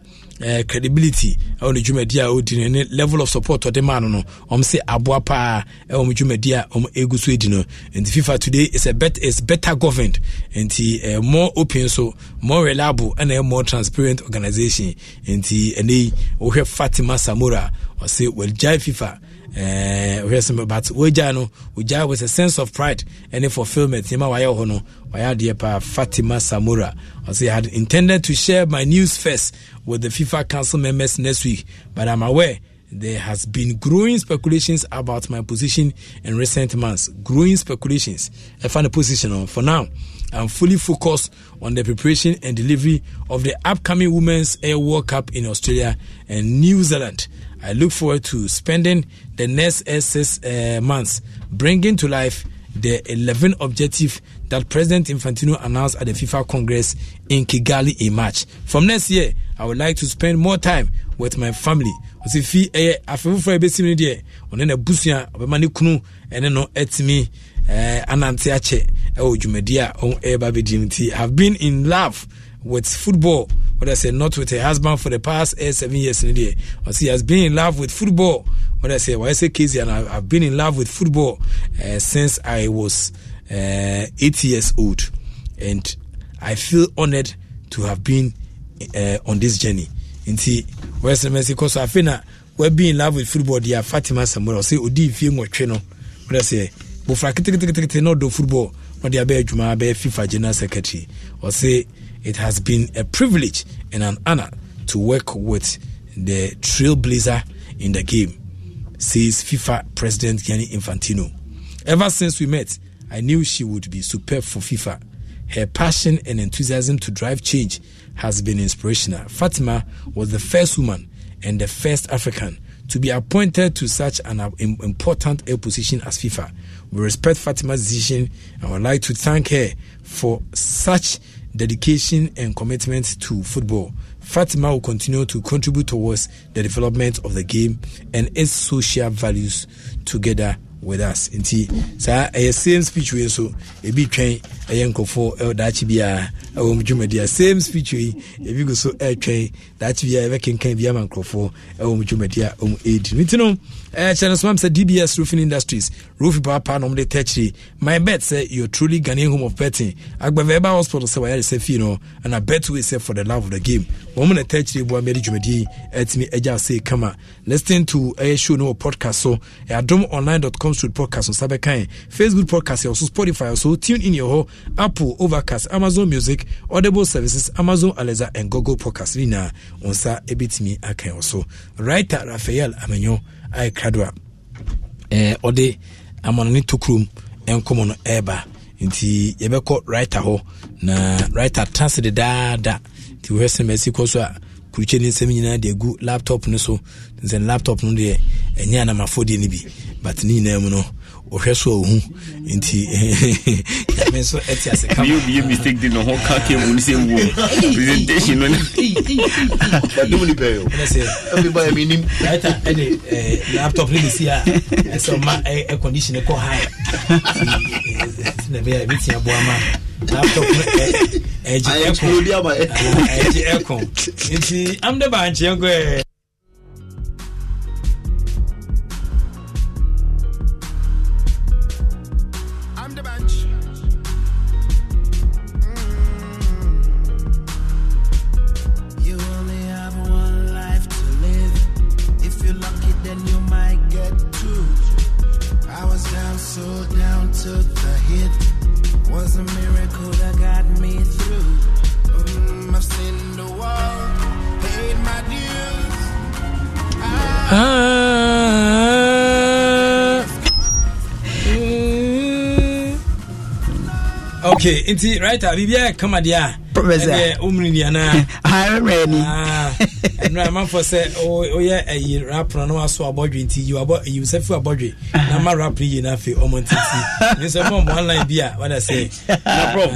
uh, credibility ɛwɔ ne dwumadi a ɔdi no ne level of support ɔde maa no no ɔm sɛ aboa paa ɛwɔ mo dwumadi a ɔm ɛgu so adi no nti fifa today is, a bet, is better governed nti uh, more open so more reliable ɛna more transparent organisation nti ɛnɛ yi wohwɛ fatima samora ɔsɛ wɔagyae fifa wɛsɛm eh, but wogya no wogya with a sense of pride and fulfillment nneɛma wa hɔ no wayɛ adeɛ paa fatima samura as i had intended to share my news first with the fifa council members next week but i'm aware there has been growing speculations about my position in recent months. Growing speculations. I find a position on for now. I'm fully focused on the preparation and delivery of the upcoming Women's Air World Cup in Australia and New Zealand. I look forward to spending the next six uh, months bringing to life the 11 objective that President Infantino announced at the FIFA Congress in Kigali in March. From next year, I would like to spend more time with my family. Ɔsi fi ɛyɛ eh, afɛfufo a ebesi mi deɛ na busua ɔbɛma ne kunu ɛne no ɛtumi ɛɛ eh, anante akyɛ eh, ɛwɔ dwumadie a ɔmo ɛɛba abɛdi mu ti. I have been in love with football what I say not with her husband for the past eight seven years in the or she has been in love with football what I say why I say Casey and I, have been in love with football uh, since I was uh, eight years old and I feel honored to have been uh, on this journey And see nti Western Mexico so afei na being in love with football deɛ Fatima Samuel ɔsɛ odi you nwɔtwe no what I say bofra keteketekete na ɔdɔ football na ɔde abɛɛ adwuma FIFA general secretary say. It has been a privilege and an honor to work with the trailblazer in the game, says FIFA President Gianni Infantino. Ever since we met, I knew she would be superb for FIFA. Her passion and enthusiasm to drive change has been inspirational. Fatima was the first woman and the first African to be appointed to such an uh, important position as FIFA. We respect Fatima's decision and would like to thank her for such dedication and commitment to football. Fatima will continue to contribute towards the development of the game and its social values together with us. Nti, saa ɛyɛ same speech wei a bit twɛn ɛyɛ nkɔfoɔ daakye biaa ɛwɔ m dwumadi a same speech yi ɛbi gu so ɛtwɛn daakye biaa yɛbɛkenkan bi ama nkurɔfoɔ ɛwɔ m dwumadi a ɔm ɛdi no nti no ɛkyɛ no somam sɛ dbs roofing industries roofi paapaa nom de tɛkyiri my bet sɛ you truly ghanaian home of betting agbavɛba hospital sɛ wayare sɛ fii no ana betway sɛ for the love of the game wɔm na tɛkyiri boa mɛde dwumadi atumi agya sei kama listen to ɛyɛ show no wɔ podcast so ɛadom online com street podcast so sa facebook podcast ɛwɔ so spotify so tune in yɛ hɔ apple overcast amazon music audible services amazon alexa and google podcast nyinaa na nsa bɛtumi aka wɔ so writer rafael amanyo ayɛ krado a ɔde eh, amanone tokurom nkɔmmɔ no ɛreba nti yɛbɛkɔ writer hɔ na writer trans de daada nti wohwɛ sɛ maasi kɔ so a kurukye ne nsɛm nyinaa de agu laptop no so sɛ laptop no deɛ ɛnyɛ anamafoɔ deɛ no bi but ne nyinaa mu no ɔhwɛ so ɔhu nti me nso ɛte ase kamabie mistake di no ho ka ke mu no sɛ wuo presentation no nɛsɛ eh, laptop ne mesi a ɛsɛ ma air condition kɔ high eh, na eh, bɛyɛ bɛtia boa ma laptop no ɛgye aircon ɛgye aircon nti amde baankyɛ nkɔ So down to the was a miracle that got me through. Mm, I've seen the wall, paid my dues. Ah. Okay, inti right, Bibia, come on, yeah. professor umri ni ana ayere ni ɛnura ah. amanfo sɛ oyɛ ɛyi rapuna na waso abɔdwe nti yiwa abɔ yiwa sɛ fi abɔdwe na ma rap yi na afei ɔmo ntiti ne sɛ mo online bi a wada sɛ. na prof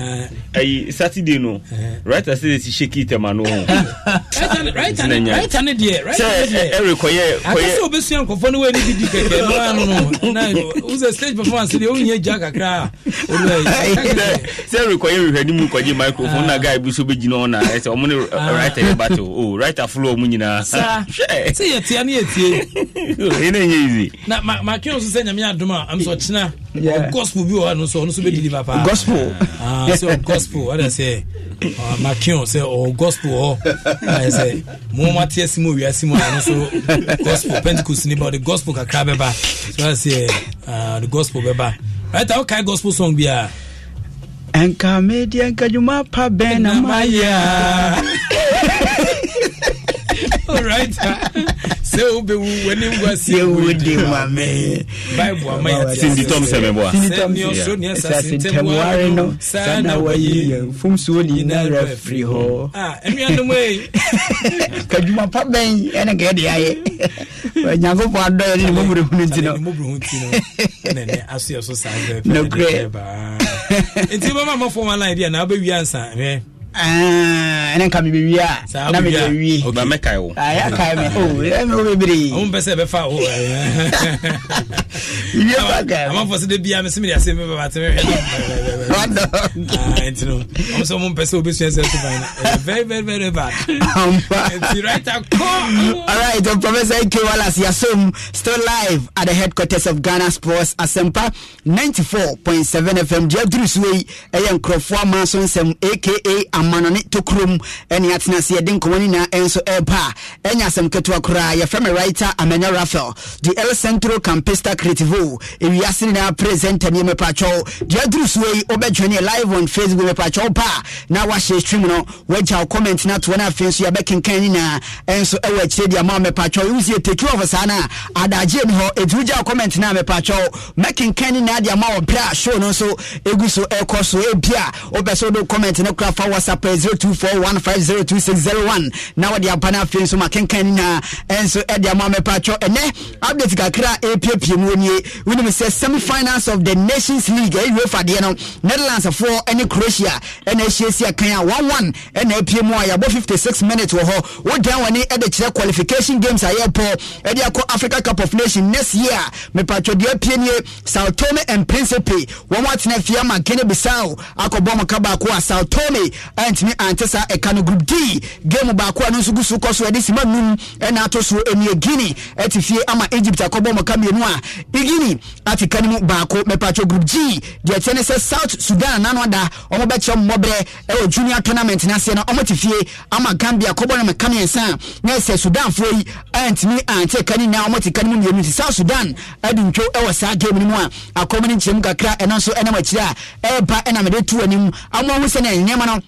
ɛyi ah. saturday no writer sɛ esi sheki tɛma no ho. writer ne writer ne deɛ writer ne deɛ ɛri kɔyɛ kɔyɛ akasɛ obesua nkɔfɔ ne wɔyɛ ne didi kɛkɛ no ano no na wusɛ stage performance deɛ o nyɛ gya kakra olu ɛyi. sɛ ɛri kɔyɛ rihɛ ni mu kɔgye microphone na ga guy bi so bɛgyina hɔ na ɛsɛ ɔmo ne ah. writer yɛ bato o oh, writer folo ɔmo nyinaa hwɛ sɛ yɛtia ne yɛtie ɛne oh, ɛnyɛ easy na matwe wo so sɛ nyame adom a ɛm sɛ gospel bi wɔ hɔ no so ɔno so bɛdeliver paa gospel ah, sɛ gospel ɔda sɛ makeo sɛ ɔwɔ gospel hɔ ayɛ sɛ momateɛ si mu owiase mu ano so gospel pentecost ni ba ɔde gospel kakra bɛba so ɔda sɛ the gospel bɛba right a wokae gospel song biaa ɛnka comedian, nka dwuma pa bɛn na sɛ wobɛwu w'anim guaseɛ wode mame bible ama yɛtinditɔm sɛ meboa sɛneɔsoroneɛsasentamware no saa na wayi mfomsuo ne nyinaa werɛ firi hɔ ah, anuanom ei kadwuma pa bɛn ɛne nka yɛde ayɛ nyankopɔn adɔyɛ ne ne mɔbrɛhunu nti no nokorɛ nti bɛma mafoɔ ma line deɛ na wobɛwie ansa ɛne nka mebɛwie a na mede awie mɛkae wo yɛkae me oh, wo bebree wompɛ sɛ bɛfa wo wie bagaamafo sɛ da bia me semede asɛ mɛbɛbatemɛnti ah, no ɔm sɛ mompɛ sɛ wobɛsua sɛ sofa very very very bad alright professor ek wallace yasom still live at the headquarters of ghana sports asɛmpa 94.7 fm deɛ duru suo yi ɛyɛ nkurɔfoɔ ama so nsɛm aka amanɔne tokurom ɛne atena ase yɛde nkɔmmɔ no nyinaa ɛnso ɛreba a ɛnyɛ asɛm ketewa koraa yɛfrɛ me writer amanya rafael de el centro campista creativo ewiase nyinaa presenter ne mepatwɔw deɛ aduru suo yi wobɛdwene live on facebook mepatwɔw pa a na wahyɛ stream no wagya wo comment no atoɔ no afei nso yɛbɛkenkan nyinaa ɛnso ɛwɔ akyire deɛ ma mepatwɔw wosie teki of saa no a adagyee ne hɔ ɛtumi gya wo comment no a mepatwɔw mɛkenkan nyinaa deɛ ma wɔ berɛ a show no nso ɛgu so ɛkɔ so ebia wopɛ sɛ wode wo comment no kora fa wɔ whatsapp zero two four one five zero two six zero one na wɔde aba no afei nso ma kenkan nyinaa ɛnso ɛde ama mɛpatwɔ ɛnɛ eh, update kakra ɛpiepie mu nie wonim semi-finals of the nations league ɛuefa eh, deɛ no netherlandsfoɔ ne croatia ɛna ahyiesie akan a 11 ɛna apie mu a yɛabɔ 56 minutes wɔ hɔ wodan wɔne ɛde kyerɛ qualification games a eh, yɛpɔ ɛde akɔ africa cup of Nations next year a mepatwɔ deɛ apie nie sao tome and principe wɔn atena fie ama kene bisao akɔbɔ mo ka baako a sao tome ɛntumi ante saa ɛka no group d game baako a no nso gu so kɔ so ɛde sima num ɛna ato so ɛnua guinea ɛte fie ama egypt akɔbɔ mɔka mmienu a guinea ate ka no mu baako mɛpatwo group g deɛ ɛkyɛ ne sɛ south sudan nano ada wɔn bɛkyɛ mmɔbrɛ ɛwɔ junior tournament n'aseɛ no wɔn te fie ama gambia kɔbɔ no mɛka mmiɛnsa a na ɛsɛ sudanfoɔ yi ɛntumi ante ka no na wɔn te ka no mu mmienu ti south sudan ɛde ntwo ɛwɔ saa game no mu a akɔm no nkyɛn mu kakra ɛno nso ɛnam akyire a ɛreba ɛnam ɛde tu anim amoahu sɛ no ɛnyɛma no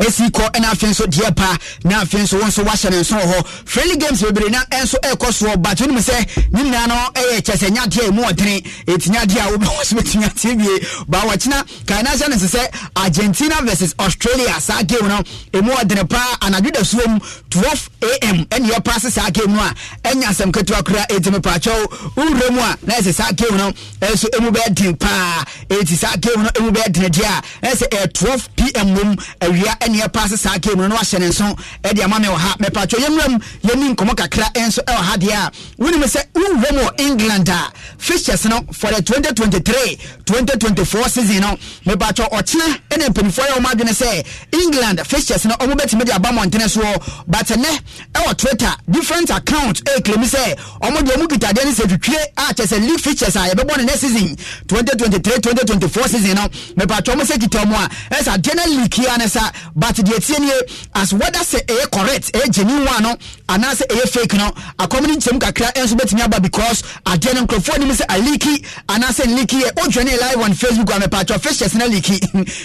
ɛsi kɔ ɛna afei nso deɛ paa na afei nso wɔn nso wahyɛ ne nso wɔ hɔ friendly games bebree na ɛnso ɛrekɔ soɔ but wɔn sɛ ne nyinaa no ɛyɛ kyɛsɛ nyadeɛ emu ɔtene etinyadeɛ a wɔn wɔn so betumi ate wie ba wɔkyena kainasa ne sɛ argentina versus australia saa game no emu ɔdene paa anadwo da soɔ twelve am ɛna yɛ paase saa game no a ɛnya asɛm ketewa kura etimi paakyɛw nwura mu a na ɛsɛ saa game no ɛnso emu bɛyɛ den paa eti saa game no emu bɛyɛ den deɛ a ɛsɛ ɛyɛ twelve pm wɔm awia ɛneɛ paa sɛ saa game no na wahyɛ ne nso ɛde ama me wɔ ha mɛpatwɛ yɛmmra mu yɛni nkɔmmɔ kakra nso ɛwɔ ha deɛ a wonim sɛ wowura mu wɔ england a fixtures no for the 2023 2024 season no mɛpatwɛ ɔkyena ɛne mpanimfoɔ yɛ wɔm adwene sɛ england fixtures no ɔmo bɛtumi de aba mmɔntene soɔ but nnɛ ɛwɔ twitter different account ɛklemi sɛ ɔmo deɛ ɔmo kitadeɛ no sɛ twitwire a kyɛ sɛ league fixtures a yɛbɛbɔ ne next season 2023 2024 season no mɛpatwɛ ɔmo sɛ kita ɔmo a ɛsɛ adeɛ but the tie as whether say a correct a genuine one no anaasɛ a fake no akɔm no nkyɛm kakra ɛnso bɛtumi aba because adeɛ no nkurɔfoɔ nim sɛ aliki anaasɛ nliki yɛ wodwane live on facebook a of mepatwa fishers na liki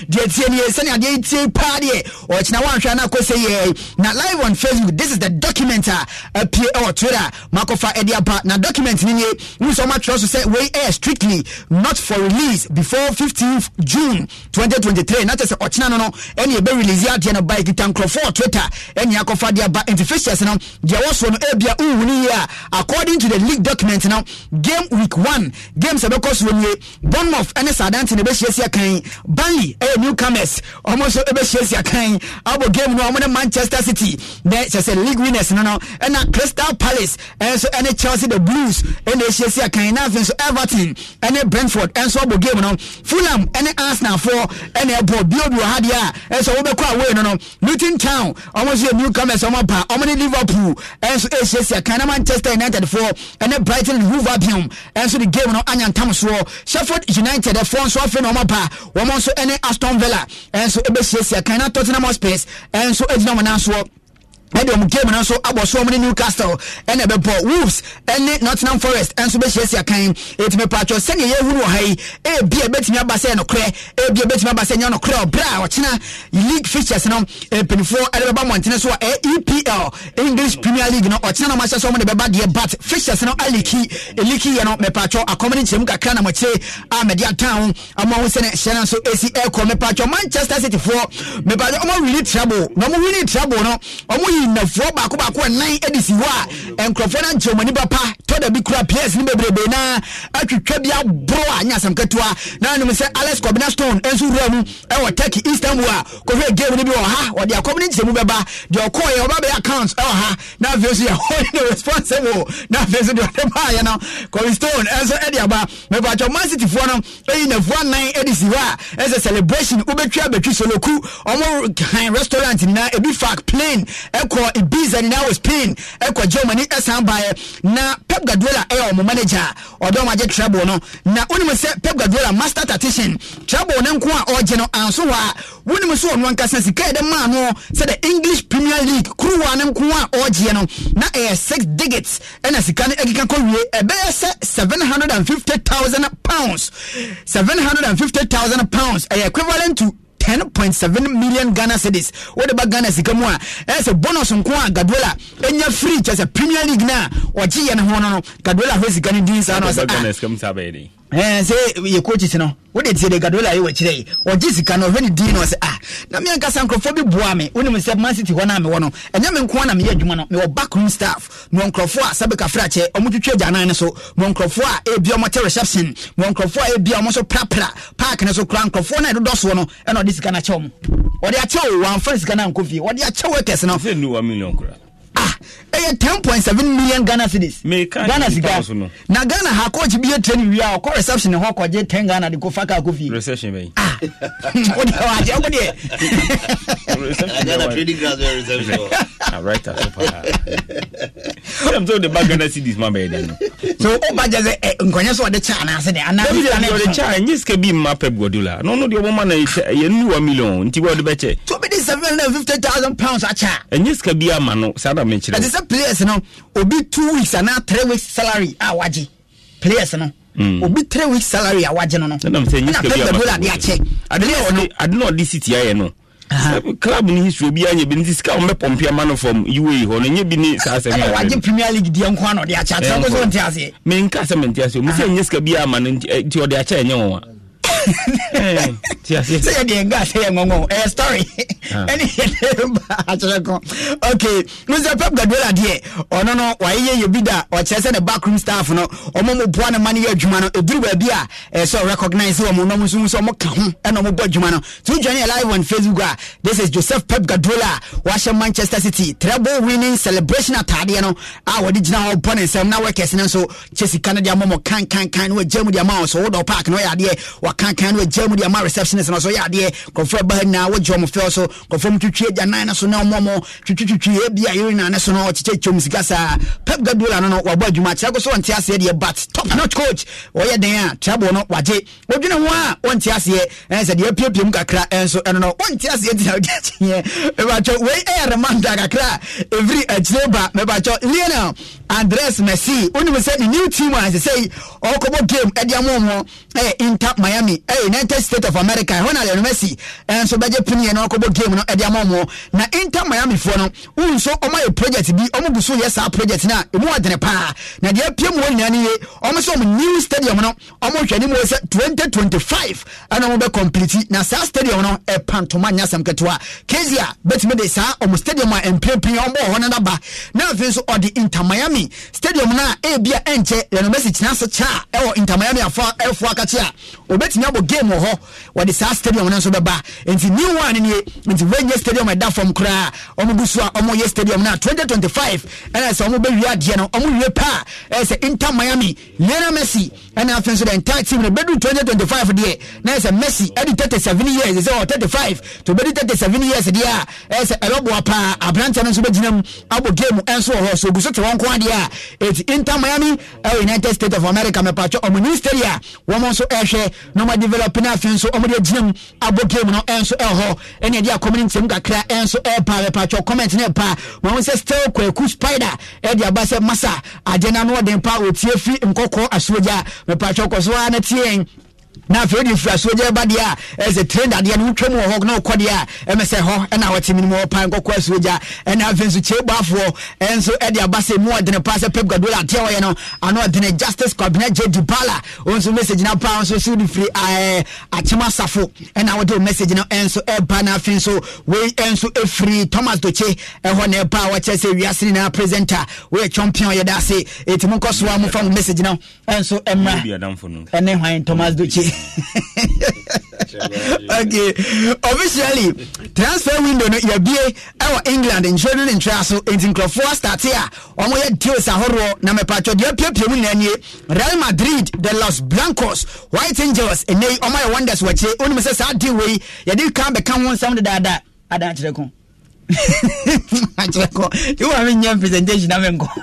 deɛ tie nie sɛne adeɛ tie paa deɛ ɔkyena woanhwɛ no to say yɛ Now live on facebook this is the document a apie ɛwɔ twitter a makɔfa ɛde Now na document no nie wo sɛ ɔmatwerɛ so sɛ wei ɛyɛ strictly not for release before 15th june 2023 na kyɛ sɛ ɔkyena no no ɛne ɛbɛ release easy no ba ekita twitter ɛne akɔfa de aba nti no deɛ ɛwɔ soɔ no ebia nwu yie a according to the league document no game week one games ɛbɛkɔ soɔ nie bournemouth ɛne saadante na ɛbɛhyia si akan burnley ɛyɛ eh, newcomers wɔn nso ɛbɛhyia si akan abɔ game no wɔn ne manchester city na kyɛ sɛ league winners no no ɛna crystal palace ɛnso eh, ɛne chelsea the blues ɛna ɛhyia si akan na nso everton ɛne brentford ɛnso eh, abɔ game no fulham ɛne arsenal foɔ ɛna ɛbɔ biobi wɔ ha deɛ a ɛnso wɔbɛkɔ away no no Luton Town ɔmo nso yɛ newcomers on ba ɔmo ne Liverpool ɛnso ɛsiesie eh, kan na Manchester United for? And ɛne Brighton Wolverhampton ɛnso the game no anya Thomas soɔ Sheffield United ɛfoɔ nso afei na ɔmo ba ɔmo so any Aston Villa ɛnso ɛbɛsiesie eh, kan na Tottenham Hotspur ɛnso ɛgyina eh, ɔmo nan soɔ ɛde ɔmo game no nso abɔ so ɔmo Newcastle, newcastle ɛna ɛbɛbɔ wolves ɛne nottingham forest ɛnso bɛhyiahyia kan ɛtumi paatwɔ sɛnea yɛhunu wɔ ha yi ebi ɛbɛtumi aba sɛ ɛnokorɛ ebi ɛbɛtumi aba sɛ ɛnyɛ nokorɛ ɔbrɛ a ɔkyena league fixtures no mpanyinfoɔ ɛde bɛba mɔntene so a ɛyɛ epl english premier league no ɔkyena na ɔmo ahyɛ so ɔmo ne bɛba deɛ but fixtures no aliki eliki yɛ no mɛpaatwɔ akɔmɔ ne nkyɛn mu kakra na mɔkyire a mɛde atan ɔmo ahosuo ne hyɛn nso esi ɛkɔ mɛpaatwɔ manchester city foɔ mɛpaatwɔ ɔmo really trouble na ɔmo really trouble no nnafoɔ baako baako ɛnan de si hɔ a nkurɔfoɔ no ankyerɛ mani papa tɔda bi kura ps ne bebrebe na atwitwa bi aboro a nyɛ asɛm ketewa na anom sɛ alex kɔbena stone nso wura mu ɛwɔ turkey istanbul a kɔhwɛ game no bi wɔ ha wɔde akɔm no nkyerɛmu bɛba deɛ ɔkɔɔyɛ ɔba bɛyɛ account ɛwɔ ha na afei nso yɛ hɔne no responsible na afei nso deɛ ɔde baayɛ no kɔbi stone nso ɛde aba mepatwɛ man cityfoɔ no ɛyi nafoɔ anan de si hɔ a ɛsɛ celebration wobɛtwa bɛtwi soloku ɔmo restaurant nyinaa ebi fak plane ɛkɔ kɔ ibiza ni now spain ɛkɔ germany ɛsan baeɛ na pep guardiola ɛyɛ ɔmo manager a ɔdɔm agye trouble no na wonim sɛ pep guardiola master tactician trouble ne nko a ɔgye no anso wa a wonim so ɔno ankasa sika yɛde maa no sɛ the english premier league kuruwa ne nko a ɔgyeɛ no na ɛyɛ six digits ɛna sika no ɛkeka kɔ wie ɛbɛyɛ sɛ seven hundred and fifty thousand pounds seven hundred and fifty thousand pounds ɛyɛ equivalent to 10.7 million Ghana cedis wode ba Ghana sika mu a ɛyɛ sɛ bonus nko a Gadola ɛnya free kyɛ sɛ Premier League na ɔgye yɛ ne ho no no Gadola hɔ sika no din saa na ɔsɛ Eh, sɛ yɛ coaches no wode tie de gadola yɛ wɔkyerɛ yi ɔgye sika no ɔhwɛ ne din no ɔsɛ ah na me ankasa nkurɔfoɔ bi boa me wonim sɛ man city hɔ no a mewɔ no ɛnyɛ me nko na meyɛ adwuma no mewɔ backroom staff mewɔ nkurɔfoɔ a sɛbeka frakyɛ ɔmotwitwa agyanan no so mewɔ nkurɔfoɔ a ɛbia ɔmɔte reception mewɔ nkurɔfoɔ a ɛbia ɔmo so prapra park no so koraa nkurɔfoɔ no a ɛdodɔ soɔ no ɛna ɔde sika no akyɛw mu ɔde akyɛw wɔamfa sika no ankɔ fie ɔde akyɛw ɛkɛse no ah ɛyɛ ten point seven million ghana cedis ghana sika na ghana ha coach bi yɛ training wia ɔkɔ reception hɔ kɔgye ten ghana de ko fa kaa ko fie reception bɛyi ah o de wa jɛ o deɛ ghana training ground bɛ reception hɔ ah right aso ah, paa ah. sɛm sɛ de ba ghana cedis ma bɛyɛ dɛ so o ba jɛ sɛ ɛ nkɔnyɛ sɛ ɔde kyɛ anaase de anaase de ɔde kyɛ a nye sika bi ma pep guardiola No, deɛ ɔmo ma na yɛ nu wa million nti wɔde bɛkyɛ. so bi de seven hundred and fifty thousand pounds akyɛ. ɛnyɛ sika bi ama no saa ɛte sɛ players no obi two weeks and now three weeks salary a wagye players no mm. obi three weeks salary a wagye no no ɛna pep the bowler de akyɛ ade na ɔde city ayɛ no club ni history bi anyɛ bi nti sika wɔn bɛ pɔmpi ama no UAE hɔ no nye bi ni saa asɛm yɛ wagye premier league deɛ nko ano ɔde akyɛ atɛ nko so nte aseɛ menka sɛ mente aseɛ mu sɛ nye sika bi ama no eh, nti ɔde akyɛ ɛnyɛ wɔn a sɛ yɛdeɛ ɛga sɛ yɛ ngɔngɔ ɛyɛ story ɛne yɛdeba ko okay mr pep gadwela deɛ ɔno no wayeyɛ yɛbi da ɔkyerɛ sɛ ne backroom staff no ɔmo mo boa ne ma no yɛ adwuma eh, no ɛduru baabi a ɛɛ sɛ ɔrecognise wɔ mo nom nso mu sɛ ɔmo ka ho ɛna ɔmo bɔ adwuma no to join yɛ live on facebook a ah. this is joseph pep gadwela a wahyɛ manchester city treble winning celebration ataadeɛ no a wɔde gyina hɔ bɔ ne nsɛm na wɔkɛse no nso kyɛ sika no deɛ amɔmɔ kankankan na wɔagya mu deɛ ma wɔ so wodɔ park No ɔyɛ adeɛ wakan akan no agya mu de ama receptionist no so yɛ adeɛ nkurɔfoɔ ba nyinaa wogye ɔmo fɛw so nkurɔfoɔ mu twitwi agya nan no so na ɔmo ɔmo twitwitwitwi ebi a yɛrɛ nane so no ɔkyekyɛ twom sika saa pep gadola no no wabɔ adwuma kyerɛ ko so ɔnte aseɛ deɛ but top notch coach ɔyɛ den a trouble no wagye odwene ho a ɔnte aseɛ ɛn sɛ deɛ apiapia mu kakra ɛnso ɛno no ɔnte aseɛ ti na ɔgye akyeɛ mebatwɛ wei ɛyɛ remanda kakra ɛfiri akyire ba mebatwɛ lionel andres messi wonim sɛ ne new team a say sɛ ɔkɔbɔ game ɛde ama ɔmo ɛyɛ inter miami ɛyɛ united states of america ɛhɔ na lionel messi nso bɛgye piniɛ na ɔkɔbɔ game no ɛde ama ɔmo na inter miami foɔ no wɔn nso ɔmo oh, ayɛ project bi ɔmo gu so yɛ saa project na emu ɔdene paa na deɛ apie mu wɔn nyinaa ni ye ɔmo sɛ ɔmo new stadium no ɔmo hwɛ ne mu sɛ twenty twenty five ɛna ɔmo oh, bɛ complete na saa stadium no ɛpantoma eh, nyasɛm ketewa kezi a bɛtumi de saa ɔmo oh, stadium a mprempren ɔmo wɔ hɔ no naba na afei nso ɔde inter miami stadium no eh, a ebi a ɛnkyɛ lionel messi kyina so kyɛ a ɛwɔ inter miami afɔ ɛfɔ akakye a eh, obetumi abɔ game wɔ hɔ wɔde saa stadium no nso bɛba nti new one nie nti wɔnyɛ stadium ɛda fam koraa ɔmo gu so a ɔmo stadium no 2025 ɛna sɛ ɔmo bɛwie adeɛ no ɔmo wie paa ɛyɛ inter miami lionel messi ɛna afei nso the entire team no bɛdu 2025 deɛ na ɛyɛ messi ɛdi 37 years ɛsɛ ɔ 35 to bɛdi 37 years deɛ a ɛyɛ ɛbɛboa paa aberanteɛ no nso bɛgyina mu abɔ game ɛnso wɔ hɔ so ogu so te wɔn nko adeɛ a ɛti inter miami ɛwɔ united states of america mɛpatwɛ ɔmo new stadium wɔn nso ɛhwɛ na developing develop no afei nso ɔmode agyinam abɔ game no ɛnso ɛhɔ ɛne ɛde akɔm no ntɛm kakra ɛnso ɛpa bɛpatwɔ comment no ɛpa ma wo sɛ still kwaku spider ɛde aba sɛ masa agye na no ɔden pa ɔtie fi nkɔkɔɔ asoagya mepatwɔ kɔ so a na tie yɛn na afei wode mfiri asuo gye badeɛ a ɛsɛ tire dadeɛ no wotwa mu wɔ hɔ na wokɔdeɛ a ɛmɛ sɛ hɔ ɛna wɔte menim hɔ pan kɔkɔ asuo ɛna afei nso kyeebaafoɔ ɛnso ɛde aba sɛ mu ɔdene paa sɛ pep gadola ateɛ wɔyɛ no ano ɔdene justice kwabenɛ gye dibala ɔnso message na paa nso so wode firi akyem asafo ɛna wode wo message no ɛnso ɛba no afei nso wei ɛnso ɛfiri thomas dokye ɛhɔ na ɛba a wɔkyerɛ sɛ wiase nyinaa presenter woyɛ champion yɛda ase ɛti monkɔ soa mofa wo message no ɛnso ɛmmra ɛne hwan thomas dokye okay officially transfer window no yɛbie ɛwɔ england nkyerɛ no ne nkyerɛ so enti nkurɔfoɔ starte a ɔmoyɛ deals ahoroɔ na mɛpatwɔ deɛ apiapia mu nyinaa nie real madrid the los blancos white angels ɛnɛi ɔmayɛ wonders wɔkyire wonim sɛ saa de wei yɛde ka bɛka ho nsɛm dedaadaa adaa kyerɛ ko akyerɛ ko wowame nyɛ presentation na menkɔ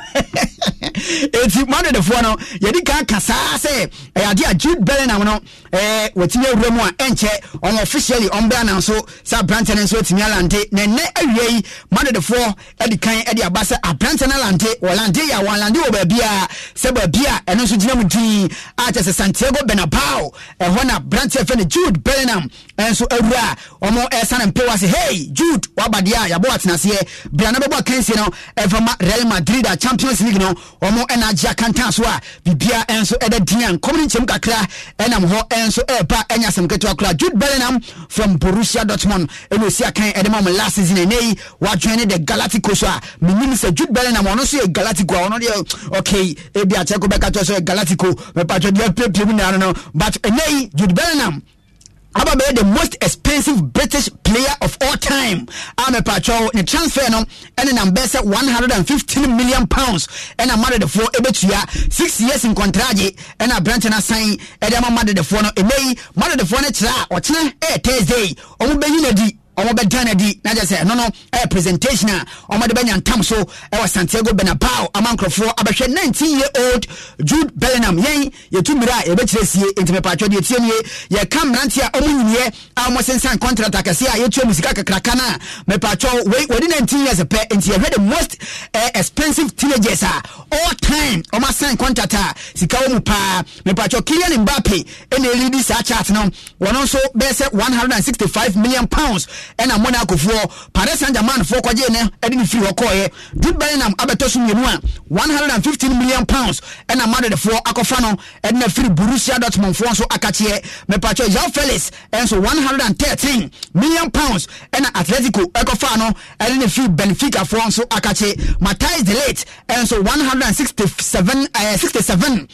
eti madridfoɔ no yɛde kan ka saa sɛ ɛyɛ e, adeɛ a jude bellingham no ɛɛ wɔtumi awura mu a ɛnkyɛ ɔmo officially ɔmo bɛ anan so sɛ aberanteɛ no nso tumi alante na nnɛ awia yi madridfoɔ ɛde kan ɛde aba sɛ aberanteɛ no alante wɔlante yɛ a wɔlante wɔ baabi a sɛ baabi a ɛno nso gyina mu dii a kyɛ sɛ santiago benabao e, ɛhɔ na aberanteɛ fɛ no jude bellingham ɛnso e, awura a ɔmo ɛɛsa no mpewa sɛ hey jude waba deɛ a yɛabɔ atenaseɛ bra no bɛbɔ akansie no ɛfa ma real madrid a champions league no ɔ wɔn ɛna agye akantan so a bibia nso ɛda din nkɔm ne nkyɛm kakra ɛnam hɔ nso ɛreba ɛnya asɛm ketewa koraa jude bellingham from borussia dortmund ɛna osi akan ɛde ma wɔn last season ɛnɛ yi wadwene ne the So, a menim sɛ jude bellingham ɔno nso yɛ galactico a ɔno deɛ okay ebi akyɛko bɛka kyerɛ sɛ galactico mɛpatwɛ deɛ apiepie mu nyinaa no no but ɛnɛ yi jude bellingham aba bɛyɛ the most expensive british player of all time a amepatwɛw ne transfer no ɛne nam bɛɛ sɛ 115 million pounds ɛna madedefoɔ ɛbɛtua six years nkɔntragye ɛna aberante no asan ɛde ama madedefoɔ no ɛnɛ yi madedefoɔ no kyerɛ a ɔkyena ɛyɛ thursday ɔmo bɛyi no adi ɔmo bɛ dan adi na kyerɛ sɛ ɛno no ɛyɛ e presentation a ɔmo de bɛnya ntam so ɛwɔ e santiago benabao ama nkurɔfoɔ abɛhwɛ 19 year old jude bellingham yɛn yɛtu mmerɛ a yɛbɛkyerɛ sie nti mepatwɛ deɛ tie nie yɛka mmeranteɛ a ɔmo nyiniɛ a ɔmo sensan contract akɛseɛ a yɛtua mu sika kakraka no a mepatwɛ wei wɔde 19 years pɛ nti yɛhwɛ the most uh, expensive teenagers a all time ɔmo asan contract a sika wɔ mu paa mepatwɛ Kylian Mbappe ɛna ɛlidi saa chart no wɔno nso bɛyɛ sɛ 165 million pounds ɛna monacofoɔ paris saint germain foɔ kɔgye ne ɛde ne firi hɔ kɔɔyɛ jude bellingham abɛtɔ so mmienu a 115 million pounds ɛna madridfoɔ akɔfa no ɛde na firi borussia dortmund foɔ nso akakyeɛ mepatwɛ yao felix ɛnso thirteen million pounds ɛna atletico ɛkɔfa no ɛde ne firi benfica foɔ nso akakye matthijs de ligt ɛnso 167 uh, 67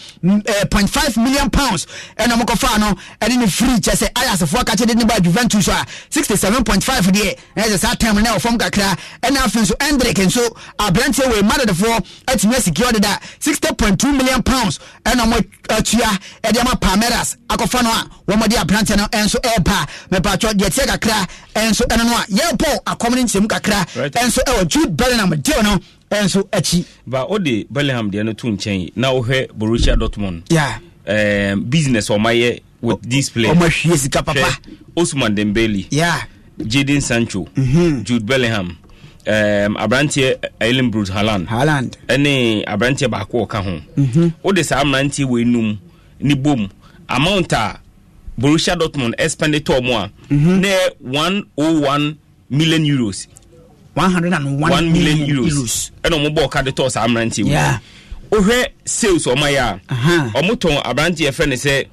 point five million pounds ɛna mokɔfa no ɛde ne firi kyɛ sɛ ayasefoɔ akakye de ne ba juventus a 67.5 five deɛ ɛsɛ saa time na ɔfam kakra ɛna afei nso endrick nso aberanteɛ wɔ madadafoɔ atumi asikio deda sixty point two million pounds ɛna wɔn atua ɛde ama palmeras akɔfa no a wɔn de aberanteɛ no ɛnso ɛɛba mɛpatwɔ deɛ tiɛ kakra ɛnso ɛno no a yɛn paul akɔm ne nkyɛn mu kakra ɛnso ɛwɔ jude bellingham deal no ɛnso akyi. ba o de bellingham deɛ no to nkyɛn na wohwɛ borussia dortmund. Yeah. Um, business ɔmayɛ with this player. ɔmahwie sika papa. osman dembele. Yeah jaden sancho mm-hmm. jude bellingham um, aberanteɛ uh, ellen brut haland haland ɛne aberanteɛ baako ɔka ho mm-hmm. wode saa mmeranteɛ wei num ne bom amount borussia dortmund expende tɔɔ mu a mm-hmm. ne 101 million euros 101 million euros ɛna ɔmo bɔɔ kade tɔɔ saa mmeranteɛ wei wohwɛ sales ɔmayɛ a ɔmo tɔn aberanteɛ fɛ ne sɛ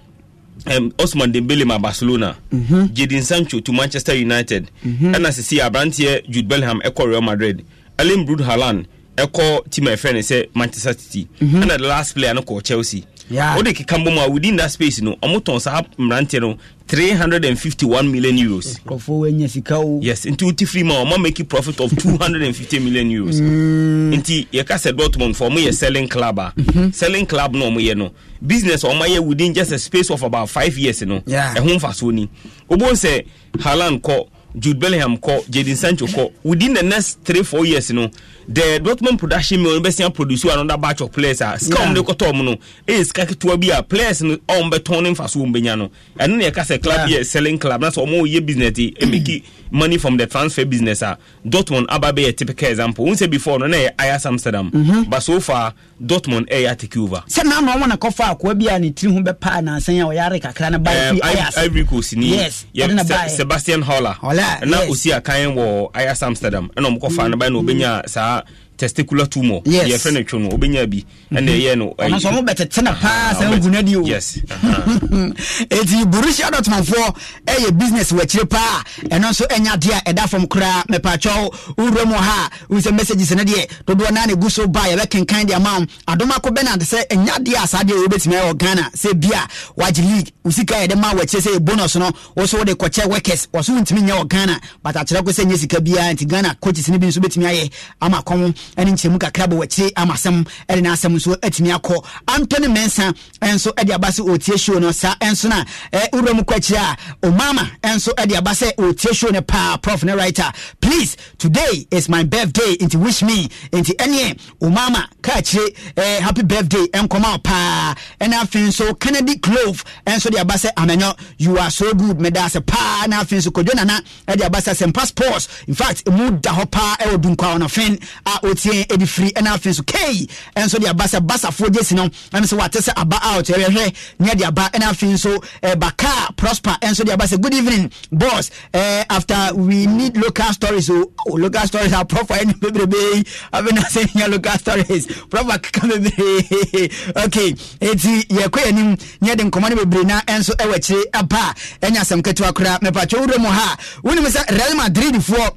um, Osman Dembele ma Barcelona mm -hmm. Sancho to Manchester United ɛna mm -hmm. sisi aberanteɛ Jude Bellingham ɛkɔ Real Madrid Erling Brood Haaland ɛkɔ team a ɛfɛ ne sɛ Manchester City ɛna mm -hmm. the last player no kɔ Chelsea wode keka mbɔ mu a within that space no ɔmotɔn saa mmerante no 351 million euros yes nti wote firi ma ɔma make profit of 250 million euros mm. nti yɛka sɛ dortmund fo ɔmoyɛ selling club a mm-hmm. selling club no ɔmoyɛ no business ɔmayɛ within just a space of about five years no ɛho yeah. mfasoɔ ni wobɛhu sɛ haland kɔ jude bellingham kɔ jadin sancho kɔ within the next three four years no the dortmund production mill no bɛsia produce another batch of players a ah. sika ɔm de kɔtɔ mu no ɛyɛ sika ketewa bi a ah. players no ɔm bɛtɔn ne mfasoɔ mbɛnya no ɛno ne yɛka sɛ club yɛ selling club na sɛ ɔmo yɛ business yi ɛmɛki money from the transfer business a ah. dortmund aba bɛyɛ typical example n sɛ before no na yɛ ayas amsterdam mhm. but so far dortmund ɛyɛ atake over sɛ na ama ɔmo na kɔfa akoa bi a ne tiri ho bɛpa anansan a ɔyare kakra na bae fi eh, ayas ivory coast ni yɛ sebastian holler na osi akan wɔ ayas amsterdam ɛna ɔmo kɔfa no bae na obɛnya mm. saa saa testicular tumor yes. yɛfrɛ no two mhm. no wobɛnya bi ɛna ɛyɛ no ɔno nso mobɛtete na paa ah, sɛ wogu no adi o ɛnti borussia dɔtmanfoɔ ɛyɛ eh, business wɔakyire paa ɛno nso ɛnya adeɛ ɛda fam koraa mepaakyɛw wowura mu ha wowu sɛ messages deɛ dodoɔ naa ne gu so ba yɛbɛkenkan de ama wo adom akɔ bɛnad sɛ ɛnya adeɛ a saa deɛ ɛwɔ ghana sɛ bia wagye league wo sika yɛde ma wɔakyire sɛ bonus no wo so wode kɔkyɛ workers wɔ so wontumi wɔ ghana but akyerɛ ko sɛ nyɛ sika biara nti ghana coaches no bi nso bɛtumi ayɛ ama kɔn ɛne nkyɛmu kakra bɔ wɔakyire ama asɛm ɛde ne asɛm nso atumi akɔ antony mensa ɛnso ɛde aba sɛ ɔtie show no saa ɛnso no a wowura mu kɔakyire a omama ɛnso ɛde aba sɛ ɔtie show no paa prof ne writer please today is my birthday nti wish me nti ɛneɛ omama kaakyire happy birthday ɛnkɔma paa ɛna afei nso kennedy clove ɛnso de aba sɛ amanyɔ you are so good meda ase paa na afei nso kodwo nana ɛde aba sɛ asɛmpa sports in fact ɛmu da hɔ paa ɛwɔ dunkwa ɔnɔfen a abotire ɛde firi ɛna afei so kei ɛnso de aba sɛ basafoɔ gye si no ɛm sɛ wate sɛ aba out ɛrɛhwɛ nea de aba ɛna afei nso eh, baka prosper ɛnso de aba sɛ good evening boss uh, after we need local stories o oh, oh, local stories aprɔfo ɛne bebrebe afei na sɛ nya local stories Proper, akeka bebree okay eti yɛkɔ anim nyɛ de nkɔmɔ no bebree na ɛnso ɛwɔ akyire apa ɛnya asɛm ketewa koraa mepatwɛ wodɔ mu ha wonim sɛ real madridfoɔ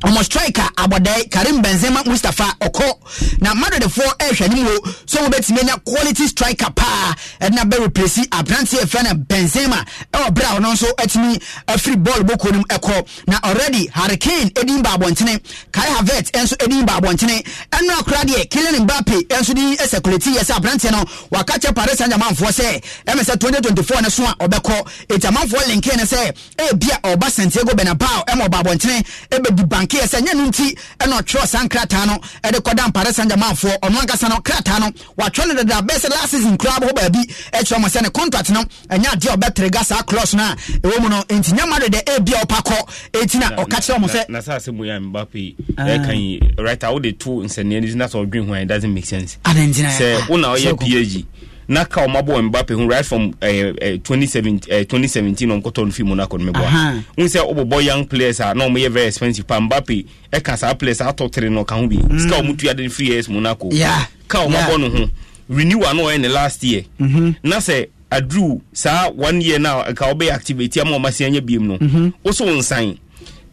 ɔmɔ striker abɔdɛ karim benzema mustapha ɔkɔ na madridfoɔ ɛrehwɛ no mu so wobɛtumi anya quality striker paa ɛde na bɛreplasi aberante ɛfrɛ no benzema ɛwɔ berɛ a ɔno nso atumi afiri bɔɔl bɔkuo no mu ɛkɔ na already hurricane ɛdin ba abɔntene kai havert nso ɛdin ba abɔntene ɛnora kora deɛ kilin mbappe nso din ɛsɛkuleti yɛ sɛ aberanteɛ no waka kyɛ paris saint germainfoɔ sɛ ɛmɛ sɛ 2024 no so a ɔbɛkɔ ɛti amanfoɔ linkin no sɛ ɛbia ɔba santiago benabao ɛma ɔba abɔntene ɛbɛdi ban ankeɛ sɛ nyɛ no nti ɛna ɔtwerɛ saa nkrataa no ɛde kɔda mpare sanjamanfoɔ ɔno ankasa no krataa no watwerɛ no dada bɛɛ last season koraa bɛhɔ baabi ɛkyerɛ mɔ sɛ ne contract no ɛnyɛ adeɛ ɔbɛtrega saa clause no a ɛwɔ mu no nti nyɛ ma dede ɛbia ɔpa kɔ ɛnti na ɔka kyerɛ mɔ sɛ na saa sɛ mu yɛ mbappe yi ɛka yi right a wode to nsɛnneɛ no si na sɛ ɔdwen it doesn't make sense sɛ wona ɔyɛ pg na ka ɔmo abɔ mbappe ho right from eh, eh, 2017 eh, 2017 na ɔnkɔtɔ no fi mu na akɔ no mɛboa n sɛ ɔbɔbɔ young players a na ɔmo yɛ very expensive pa mbappe ɛka eh, saa players atɔ tere na ɔka ho bi mm. sika ɔmo tuya de three years mu na ka ɔmo abɔ no ho renewal na ɔyɛ ne last year mhm. na sɛ aduru saa one year na ka ɔbɛyɛ activity ama ɔmo asia nya biem no mhm. wosɔ nsan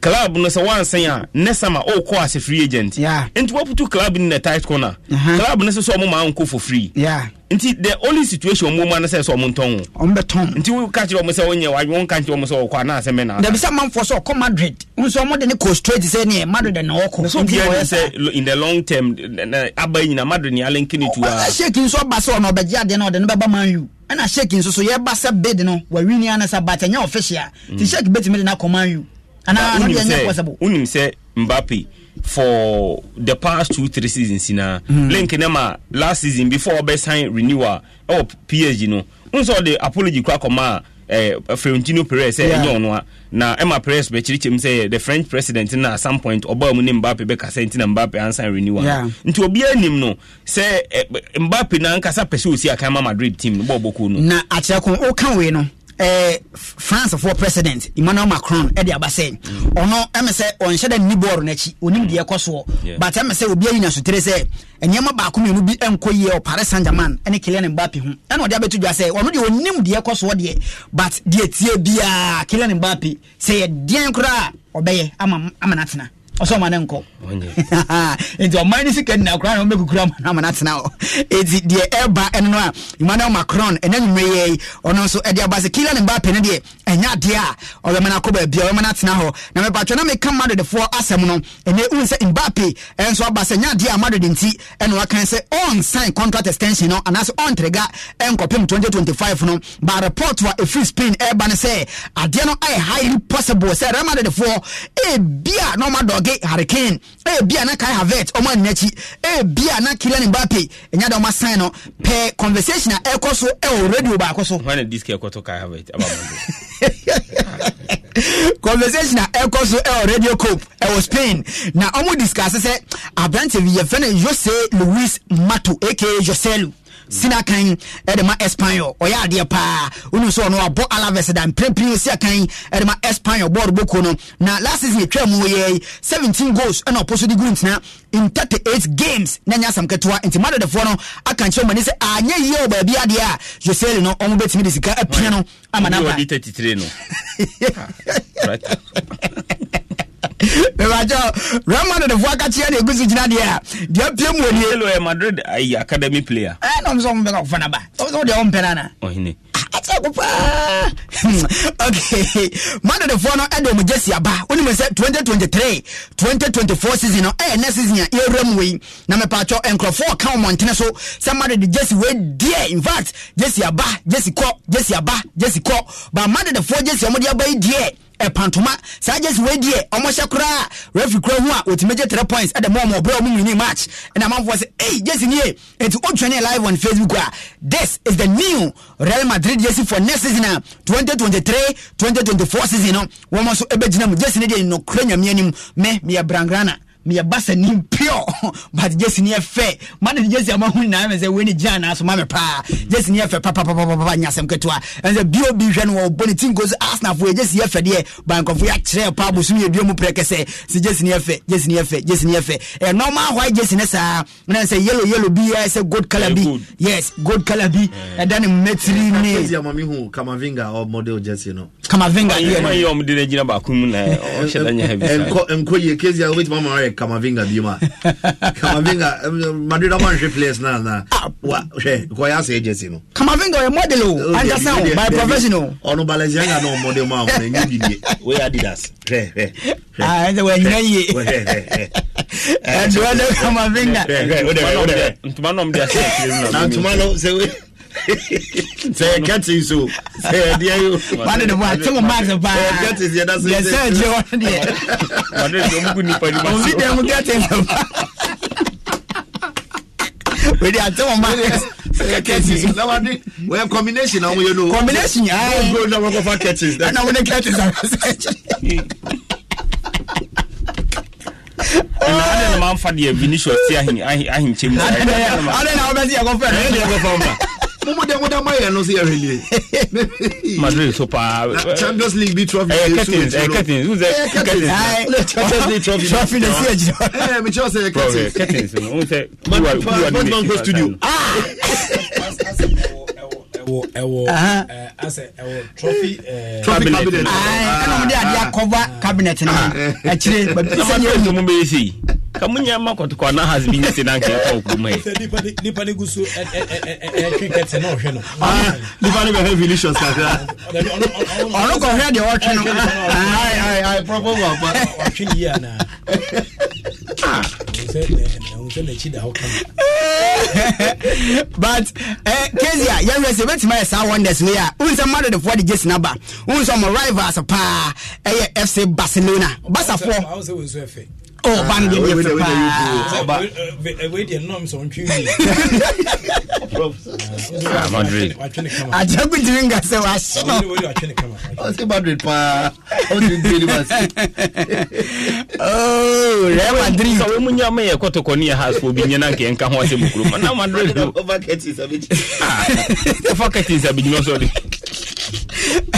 club no sɛ wansen a ne sama ɔkɔ as free agent yeah. nti waputu club no na tight corner club no sɛ sɛ ɔmo nkɔ for free yeah. nti the only situation ɔmo mu ano sɛ sɛ ɔmo ntɔn o ɔmo bɛ tɔn nti wo ka kyerɛ ɔmo sɛ ɔnyɛ wa wɔn ka kyerɛ ɔmo sɛ ɔkɔ ana asɛm bɛ na. dabi sɛ manfoɔ sɛ ɔkɔ madrid nso ɔmo de ne kɔ straight sɛ ne yɛ madrid na ɔkɔ nti ɔyɛ sa sɛ in the long term aba nyina madrid ni alenke ne tu aa. sheik nso ɔba sɛ ɔna ɔbɛgye adeɛ na ɔde ne bɛba man yu ɛna sheik nso so yɛba sɛ bid no wawini anasa bata nyɛ official ti mm. sheik betumi na kɔ man wonim sɛ mbappe for the past two three seasons na mm. link ne ma last season before ɔbɛsan renewal ɛwɔ psg no n sɛ ɔde apology kora kɔma a eh, Florentino Perez sɛ ɛnyɛ ɔno a na ɛma Perez bɛkyerɛkyerɛm sɛ the French president na at some point ɔbaa mu ne Mbappe bɛkasa nti na Mbappe ansan renewal yeah. nti obiara nim no sɛ eh, Mbappe na ankasa pɛ sɛ osi akan ma Madrid team no bɔɔbɔkoo no na akyerɛko woka wei no Eh, france foɔ president emmanuel macron ɛde eh, aba sɛ ɔno ɛmɛ eh, sɛ ɔnhyɛ dɛ nni bɔɔl n'akyi onim deɛ ɛkɔ soɔ but ɛmɛ sɛ obi ayi nasotere sɛ nneɛma baako mmienu bi nkɔ yie Paris san german ɛne kylian mbappe ho ɛna ɔde abɛto dwa sɛ ɔno deɛ onim deɛ ɛkɔ soɔ deɛ but deɛ tie biara kylian mbappe sɛ yɛ deɛn koraa ɔbɛyɛ ama ama n'atena ɔsɛ ɔma ne nkɔ nti ɔman no sika nina kora na ɔmɛkukura ma no ama no atena hɔ ɛnti deɛ ɛba ɛno no a emmanuel macron ɛna nwummerɛ yɛi ɔno nso ɛde aba sɛ kilian mbape no deɛ ɛnya adeɛ a ɔbɛma no baabia ɔbɛma no hɔ na mepatwɛ na meka madodefoɔ asɛm no ɛnɛ wohu sɛ mbape ɛnso aba sɛ nya adeɛ a madode nti ɛna wakan sɛ ɔnsign contract extension no anaasɛ ɔntrega ɛnkɔpem 2025 no ba report a ɛfiri spain ɛba no sɛ adeɛ no ayɛ highly possible sɛ rɛ madodefoɔ ɛbia na ɔmadɔge de hurricane ebia na kai havet ɔmo ani n'akyi ebia na kylian mbappe ɛnya dɛ ɔmo asan no pɛ conversation a ɛkɔ so ɛwɔ radio baako so. wọn na disc ɛkɔtɔ kai havet abamundo. conversation a ɛkɔ so ɛwɔ radio cope ɛwɔ spain na ɔmo discuss sɛ aberante yɛfɛ no jose luis mato aka joselu sina kan ɛde ma espanyol ɔyɛ adeɛ paa wonu sɛ ɔno abɔ alaves da mprempren si ɛde ma espanyol bɔɔdo boko no na last season yɛtwa mu yɛ 17 goals ɛna ɔpo so de gu ntena in 38 games na nyɛ asɛm ketewa nti madɔdefoɔ no aka nkyerɛ mani sɛ anyɛ ah, yie wɔ baabi adeɛ a joseli no ɔmo bɛtumi de sika apia no ama no ah, mebajɛ rama madrid defoɔ ka kyeɛ ne ɛgu so gyina deɛ a deɛ pie mu ɔnie academy player na eh, no ɛde ɔmo gyesi aba wonim sɛ 2023 2024 season no ɛyɛ eh, next season a yɛwura mu wei na mepatwɔ nkurɔfoɔ ɔka ɔmɔntene so sɛ madode gyesi wei deɛ in gyesi aba gyesi kɔ gyesi aba gyesi kɔ ba madodefoɔ gyesi ɔmode aba yi deɛ ɛpantoma saa gyesi wei deɛ ɔmo koraa refi kora ho a otumi gye three points de mo ɔmo ɔbrɛ ɔmo match ɛna amanfoɔ sɛ ɛyi gyesi nie eti o live on facebook a this is the new real madrid gyesi for next season a 2023 2024 season no wɔn nso ɛbɛgyina mu gyesi ne deɛ nnɔkura nyame nim me meyɛ brangrana. meyɛba sɛ nim pure but gyesi ne yɛfɛ mane gyesi ama ho nyinaa mɛ sɛ wei ne gyina naa so ma me paa gyesi ne yɛfɛ papapapapa nya asɛm ketewa ɛn sɛ bio bi hwɛ no wɔ bɔ ne ti nko so asnafo yɛ gyesi yɛfɛ deɛ bankɔfo yɛakyerɛ pa abosom yɛ bio mu prɛ kɛsɛ sɛ gyesi ne yɛfɛ gyesi ne yɛfɛ gyesi ne yɛfɛ ɛyɛ normal hɔ gyesi ne saa mena sɛ yellow yellow bi yɛ sɛ gold colour bi yes gold colour bi ɛda ne mmatiri ne kamavinga ɔ model gyesi no kamavinga yɛ no ɛnkɔ yie kesi a wobɛtumi ama Kamavinga bima Kamavinga Madrid ama nhwe players na na ah. wa hwe kwa agency no Kamavinga yɛ model understand by professional ɔno Balenciaga no model ma ɔno enyi didie we Adidas hwe hwe ah ɛnze we nyɛ yie ɛnze we Kamavinga ntuma nom de ase na ntuma nom se we sɛ yɛka te so sɛ yɛdeɛ wane ne moate wo mat paayɛka te sɛ yɛsɛ agye wɔno deɛ ɔmfi dɛ mu gate wede ate wo mat combination a woyɛ no combination na wakɔfa curtis ɛna wone curtis awasɛ ɛnade ne mamfa deɛ vinicius te ahenkyɛ mu ade na wobɛse yɛkɔfɛ no ɛdeɛ yɛkɔfa ma mo de mo da ma yẹn no si yẹ rẹliẹ. madrid so paa. champions league bi trophy. ẹ curtains ẹ curtains who's that curtains. Eh, eh, champions league trophy. trophy de eh, si ẹ jira. ẹ mi kyerɛ sɛ curtains. curtains no n sɛ. man man go studio. ɛwɔ ɛwɔ asɛ ɛwɔ trophy uh, trophy cabinet. ɛna mo de adi akɔba cabinet na akyire. ɛsɛ yɛ mu bɛ yɛ se yi ka mo kwa kɔtokɔ na has bi nyɛ na nka ɛkɔ kuruma yɛ nipa ne gu so cricket na ɔhwɛ no nipa ne bɛhwɛ vilicious kakra ɔno kɔhwɛ deɛ wɔtwe no prɔpɔ baba ɔtwe ne yie anaa but kesia yɛwerɛ sɛ bɛtumi ayɛ saa wonders no yɛ a wohu sɛ madodefoɔ de gye sina ba wohu sɛ ɔmo rivals paa ɛyɛ fc barcelona basafoɔ ọba ni deɛ deɛ fɛ paa ọba ɛwɛ deɛ nɔɔm sɔn twi mi. madrid ajagun tiri nga sɛ wa si nɔ ɔsi madrid paa ɔsi di ɛni ma se. ooo rɛ madrid. sisan wɔn mu ní amɛ yɛ kɔtɔkɔ ní ɛha so obi nyina nkɛ nka ho ɔsi mu kuro ma na madrid do. ɔfakɛti nsabijima sɔɔ de.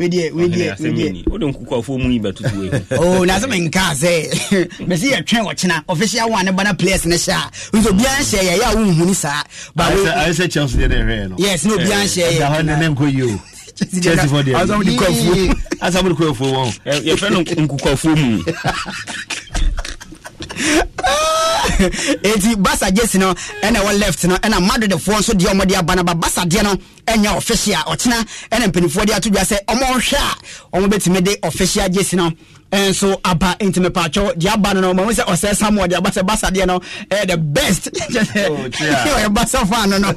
wedeɛ wedeɛ wedeɛ wode nkokoafoɔ oh, yes eh, no nkokoafoɔ mu eti basa jesi no ɛna ɛwɔ left no ɛna madridfoɔ nso deɛ ɔmɔde aba no ba basa deɛ no ɛnya official ɔkyena ɛna mpanimfoɔ de ato dwa sɛ ɔmɔhwɛ a ɔmɔbɛtumi de official jesi no nso aba nti mepatwɛ deɛ aba no no mahu sɛ ɔsɛ samuel deɛ aba sɛ basa deɛ no ɛyɛ e, the best ɔyɛ oh, e basa fan no no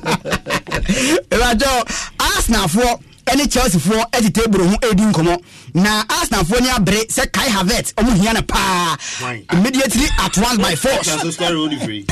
mepatwɛ arsenalfoɔ ne chelseafoɔ te table ho ɛdi nkɔmmɔ na arsenalfoɔ ne abere sɛ kai havert ɔmo hia no paa immediately at once by force ɔmo hia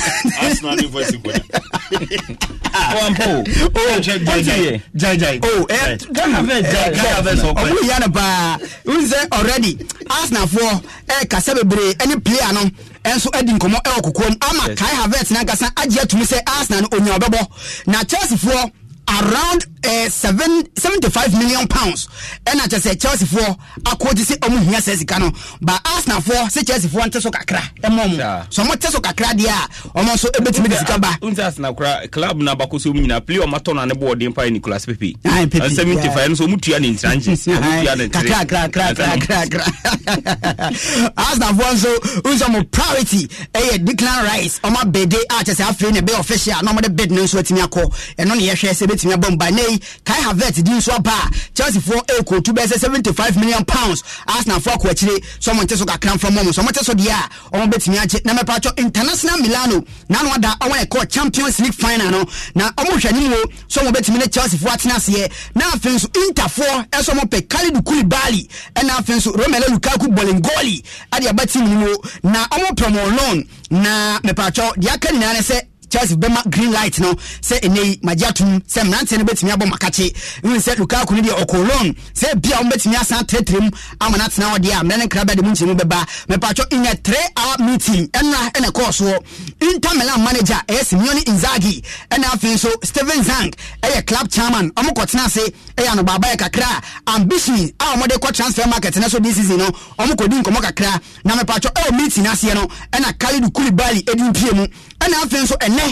no paa wohu sɛ already arsenalfoɔ ɛkasa eh, bebree ne player no ɛnso adi nkɔmmɔ ɛwɔ kokoam ama kai havert no ankasa agye atumi sɛ arsenal no ɔnya ɔbɛbɔ na chelseafoɔ around eh, seven seventy five million pounds ɛna kyɛ sɛ chelsea foɔ akɔɔdi sɛ ɔmo hia sɛ sika no ba arsenal foɔ sɛ chelsea foɔ nte so kakra ɛmɔ eh, mo sɛ ɔmo te so kakra deɛ a ɔmo nso ebetumi de sika ba. n tɛ arsenal kura club na abako so mu nyinaa play ɔmo atɔ na ne bɔ ɔden pa ye nicolas pepe ɛn seventy five no so ɔmo tuya ne ntranches ɔmo tuya ne ntire kakra kakra kakra kakra arsenal foɔ nso n sɛ ɔmo priority ɛyɛ eh, declan rice ɔmo abɛde a ah, kyɛ sɛ afei na ɛbɛyɛ official na ɔmo de bid ne nso atumi akɔ ɛno ne yɛhwɛ sɛ ebetumi abɔ mba ne yi kai havet di nso aba a chelsea foɔ ɛkɔ tu bɛɛ sɛ seventy five million pounds arsenal foɔ akɔ akyire sɛ ɔmo nte so kakra nfa mɔmo sɛ ɔmo te so deɛ a ɔmo bɛtumi agye na mɛpa atwɔ international milano nanu ada ɔmo ɛkɔ champions league final no na ɔmo hwɛ nimu o sɛ ɔmo bɛtumi ne chelsea foɔ atena aseɛ na afei Inter interfoɔ ɛsɛ ɔmo pɛ khalid koulibaly ɛna afei nso romelu lukaku bolingoli ɛde ɛbɛ ti nimu na ɔmo pɛ ɔmo loan na mɛpa atwɔ deɛ aka nyinaa ne sɛ chelsea bɛma green light no sɛ ɛnɛ yi magye atom sɛ mmeranteɛ no bɛtumi abɔ makakye ɛhu sɛ lukaku no deɛ ɔkɔ loan sɛ bia wɔbɛtumi asan trɛtrɛ mu ama no atena hɔ a mmerɛ ne nkra bɛde mu nkyɛmu bɛba mepatwɔ ɛnyɛ tre hour meeting ɛnora ɛna ɛkɔɔ soɔ inter milan manager ɛyɛ simeone inzaghi ɛna afei nso steven zank ɛyɛ club chairman ɔmo kɔtena ase ɛyɛ anobaaba yɛ kakra ambition a ɔmo kɔ transfer market ne so this season no ɔmo kɔdi nkɔmɔ kakra na mepatwɔ ɛwɔ meeting aseɛ no ɛna kalidu kulibali ɛdi mpie mu ɛna afei nso ɛnɛ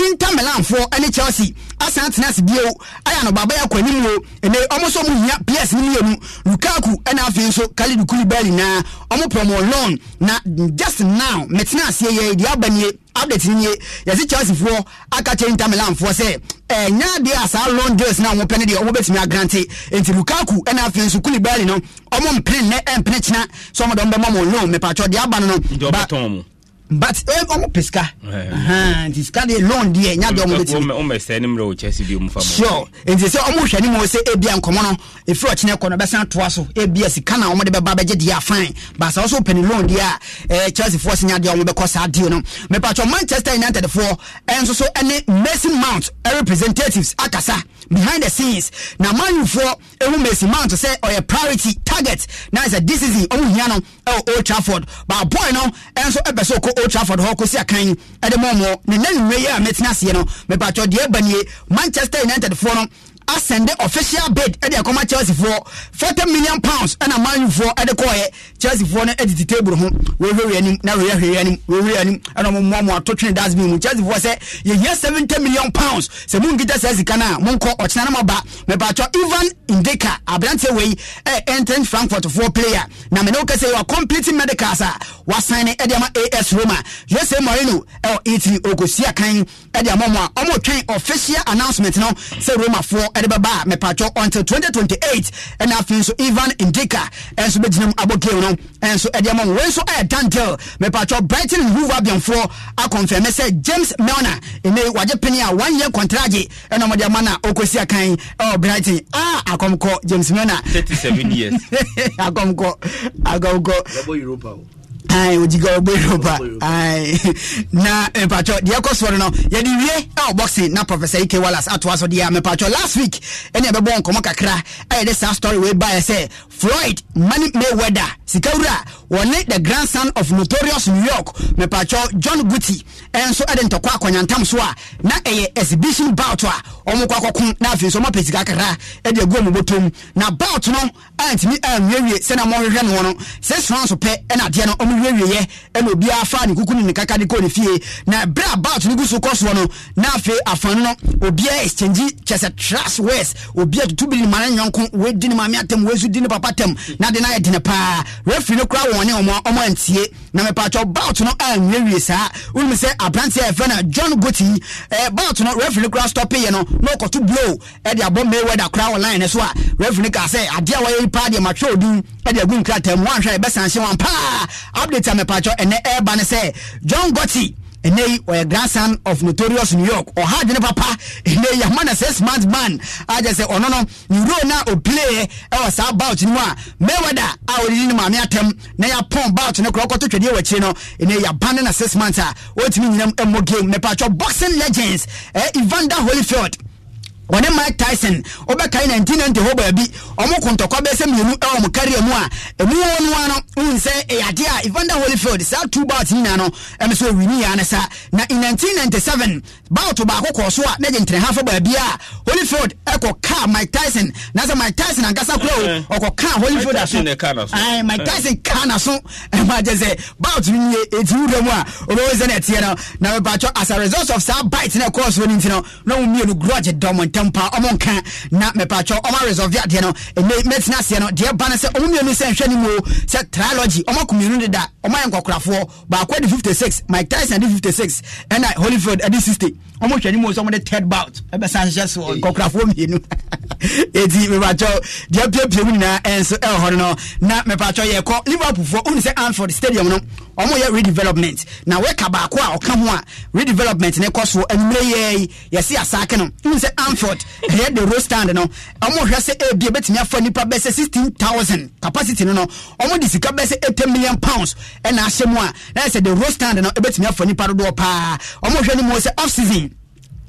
inter milanfoɔ ne chelsea asan tena ase bio ayɛ anɔba abɛyɛ akɔ anim o ɛnɛ ɔmo nso mo hia ps ne mmienu lukaku ɛna afei nso khalid koulibaly na ɔmo pɛ ɔmo loan na just now mɛtena aseɛ yɛ deɛ aba nie update ni ye yɛsi chelsea foɔ aka inter milan foɔ sɛ ɛnya e, deɛ a saa long deals na wɔn pɛ ne deɛ wɔn bɛtumi agrante nti lukaku ɛna afei nso koulibaly no ɔmo mpene nnɛ ɛmpene kyena sɛ ɔmo dɔm bɛma ɔmo loan mɛpatwɔ deɛ no no ba but ɔmo eh, pɛ sika eh. nti sika deɛ loan deɛ nya deɛ ɔmo bɛtumi ɔmo sɛ ne mmerɛ ɔkyɛ si bi ɔmo fa mo sure nti sɛ ɔmo hwɛ ne mu sɛ ebia eh, nkɔmɔ no efiri ɔkyinɛ kɔ no ɛbɛsan toa so ebia sika na ɔmo de bɛba abɛgye deɛ afan baasa ɔso pɛ ne loan deɛ a ɛɛ chelsea foɔ si nya deɛ ɔmo bɛkɔ saa deal no mepatwɔ manchester united foɔ ɛnso so ɛne mason mount representatives akasa behind the scenes na man foɔ ehu mason mount sɛ ɔyɛ priority target na sɛ this season ɔmo hia no ɛwɔ old trafford but boy no ɛnso ɛbɛ so kɔ old trafford hɔ kɔsi akan ɛde mɔmɔ ne nan nwere yɛ a mɛtena aseɛ no mɛbatɔ deɛ ɛbɛnie manchester united foɔ no asɛnde official bid ɛde ɛkɔma chelseafoɔ forty million pounds ɛna manfoɔ ɛde kɔɔyɛ chelseafoɔ no ɛdidi table ho wɔhwehwɛ anim na wɔhwehwɛ anim wɔhwehwɛ anim ɛna wɔn mmoamoa to twene dustbin mu chelseafoɔ sɛ yɛhia seventy million pounds sɛ mu nkita sɛ sika no a monkɔ ɔkyena no mɔba mɛbaatɔ ivan indeka aberanteɛ wei ɛyɛ ɛntɛn frankfurtfoɔ player na mene wo kɛsɛ yɛwɔ complete medicals a wasan ne ɛde ama as roma jose moreno ɛwɔ italy okosia kan ɛde ama mo a ɔmotwɛn official announcement no sɛ romafoɔ ɛde bɛba a mepatwɔ until 2028 ɛna afei nso ivan indika ɛnso bɛgyina mu abɔkeo no ɛnso ɛde ama wei nso ɛyɛ dantel mepatwɔ brighton and hoover abiamfoɔ akɔmfɛmɛ sɛ james melna ɛnɛ wagye pene a one year contragye ɛna ɔmɔde ama no a ɔkɔsi akan ɛwɔ brighton a akɔmkɔ james melna 37 years akɔmkɔ akɔmkɔ ayi ojiga ogbero ba ayi na mpatwɔ deɛ ɛkɔ soɔ no no yɛde wie ɛwɔ boxing na professor ike wallace atoa so deɛ mpatwɔ last week ɛne ɛbɛbɔ nkɔmɔ kakra ɛyɛ de saa story wei baeɛ sɛ floyd money mayweather sikawura wɔne the grandson of notorious new york mepakyɛw john guti nso de ntɔkwa akɔnyantam so a na ɛyɛ exhibition bout a ɔmo kɔ akɔko na afei nso ɔmo sika kakra de agu ɔmo na bout no antumi anwiewie sɛnea ɔmohwehwɛ no no six rounds pɛ ɛna adeɛ no ɔmo wiewieɛ ɛna obiara fa ne kuku ne ne kaka de kɔ ne fie na ɛberɛ a bout no gu so kɔ soɔ no na afei afan no obiara exchange kyɛ sɛ trash words obiara tutu bi ne ma ne nyɔnko wei ne maame atam di ne papa atam na de na yɛ dene paa referee no koraa wɔn ne wɔn a wɔn na mepatwɛ bout no anwiewie eh, saa wɔn mu sɛ aberanteɛ a yɛfrɛ no john Gotti. ɛɛ eh, bout no referee kura stop yɛ no na ɔkɔto blow ɛde eh, abɔ mayweather kura wɔ line so a referee kaa sɛ adeɛ a wɔyɛ yi paa deɛ matwɛ odin ɛde agu nkrataa mu wɔn ahwɛ ɛbɛsanhyɛ wɔn paa update a mepatwɛ ɛnɛ ɛɛba ne sɛ john goti ɛnɛ yi ɔyɛ grandson of notorious new york ɔha adwene papa ɛnɛ yi ama na six month man agye sɛ ɔno no ne role na ɔplee ɛwɔ saa bout no mu a mayweather a ɔdidi e no maame atɛm na yɛapɔn bout no korɔ kɔto twɛdeɛ wɔ akyire no ɛnɛ yi abane na six months a ɔtumi nyinam e ɛmmɔ game mepatwɔ boxing legends eh, evander holyfield wɔne mike tyson wobɛkae 1990 hɔ baabi ɔmo kontɔkwa bɛɛ sɛ mmienu ɛwɔ e mo karia mu a ɛmu wɔ no a no wohu sɛ ɛyɛ a evander holyfield saa two bout nyina no ɛno e sɛ ɔwini no saa na in 1997 bout baako kɔɔ so a na gye ntenehafo baabi a holyfield ɛkɔkaa e mike tyson na sɛ mike tyson ankasa kora o ɔkɔkaa holyfield aso mike tyson kaa naso ɛma gye sɛ bout no nye ɛti wura mu a ɔbɛwo sɛ no ɛteɛ no na mepatwɔ as a result of saa bite no ɛkɔɔ soɔ no nti no na wo mmienu grudge dɔmɔ ntɛm paa ɔmo nka na mɛpakyɛ ɔmo resolve adeɛ no ɛnɛ mɛtena aseɛ no deɛ ba no sɛ ɔmo mmienu sɛ nhwɛ ne mu o sɛ trilogy ɔmo ako mmienu deda ɔmo ayɛ nkɔkorafoɔ baako de fifty six mike tyson de fifty six ɛna holyfield de sixty ɔmo hwɛ nimu sɛ ɔmo de third bout ɛbɛsan hyɛ eh. so nkɔkorafoɔ mmienu eti mepatsɔ deɛ piepie mu nyinaa ɛnso eh, ɛwɔ eh, hɔ no na mepatsɔ yɛ kɔ liverpool foɔ ohun sɛ anfield stadium no ɔmo yɛ redevelopment na weka baako a ɔka ho a redevelopment ne kɔ so ɛnumere yɛ yi yɛsi asaake no ohun sɛ anfield ɛyɛ the road stand no ɔmo hwɛ sɛ ebi ebetumi afa nipa bɛsɛ sixteen thousand capacity no no ɔmo de sika bɛsɛ eighty million pounds ɛna ahyɛ mu a na sɛ the road stand no ebetumi afa nipa dodoɔ paa ɔmo hwɛ nimu sɛ off season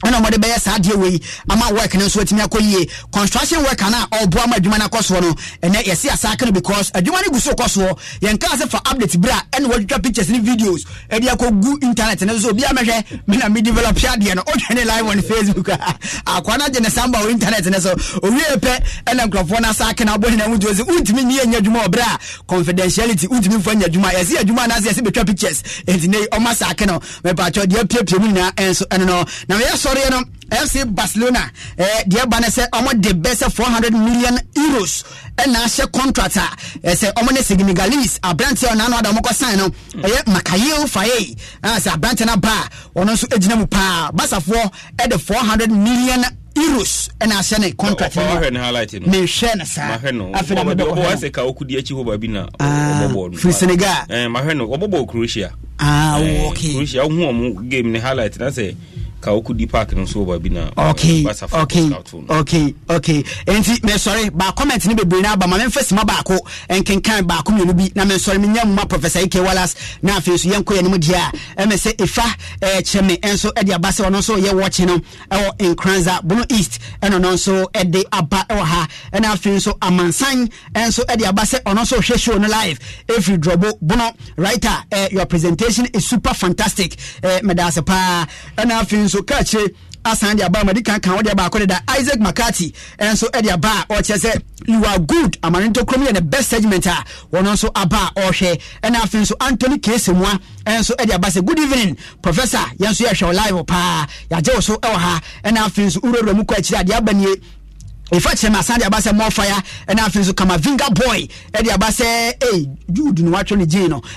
ɛna ɔmɔde bɛyɛ saa adeɛ wei ama work no nso atumi akɔ yie construction worker, work ana ɔboa ma adwuma no akɔ soɔ no ɛnɛ yɛsi asa aka no because adwuma no gu so kɔ soɔ yɛn kaa sɛ fa update berɛ a ɛna wɔatwitwa pictures ne videos ɛde akɔgu internet no so obiaa mɛhwɛ me na medevelop adeɛ no wodwa ne live on facebook akoa no agye ne samba wɔ internet no so owie pɛ ɛna nkurɔfoɔ no asa aka no abɔ nyina wodwo sɛ wontumi nyɛ nya adwuma ɔberɛ a confidentiality wontumi mfa nya adwuma yɛsi adwuma anaasɛ yɛsɛ bɛtwa pictures ɛnti ne ɔma sa aka no mepakyɛ deɛ apiapia mu nyinaa ɛnso ɛno no na meyɛ sɔ wɔreɛ no fc barcelona deɛ ba no sɛ ɔmo de bɛ sɛ 400 million euros ɛna ahyɛ contract a ɛsɛ ɔmo ne senegalese aberanteɛ ɔna no ada ɔmo kɔ sign no ɛyɛ makayeo faye sɛ aberanteɛ no ba a ɔno nso gyina mu paa basafoɔ ɛde 400 million euros ɛna ahyɛ ne contract mehwɛ no saa firi senegal ah, okay. croatia wohu ɔmo game ne highlight na sɛ ka wokɔdi park no nso ba bi na eh, enti mesɔre ba comment no bebree no aba ma memfa sima baako nkenkan baako mmienu bi na mensɔre menya mma professor ek walas na afei nso yɛnkɔ yɛ no mu deɛ a ɛmɛ sɛ ɛfa eh, kyerɛ me nso de aba sɛ ɔno nso yɛ wɔkye no ɛwɔ nkranza bono east ɛno no nso de aba ɛwɔ ha ɛna afei nso amansan nso de aba sɛ ɔno nso hwɛ show no live ɛfiri drɔbo bono writer eh, your presentation is super fantastic medase paa ɛna afei nso nso kakye asan de aba amadi kan kan wɔde aba akɔ deda isaac mccarthy nso de aba a ɔkyerɛ sɛ you are good amane ntokuro yɛ ne best segment a wɔn nso aba a ɔrehwɛ ɛna afei nso anthony kesemua nso de aba sɛ good evening professor yɛn nso yɛhwɛ live paa yɛagye wo so e wɔ ha ɛna afei nso wurawura mu kɔ akyire adeɛ aba nie efa kyerɛ mu asan de aba sɛ mɔfaya ɛna afei nso kamavinga boy ɛde aba sɛ ee jude no watwe ne gyin no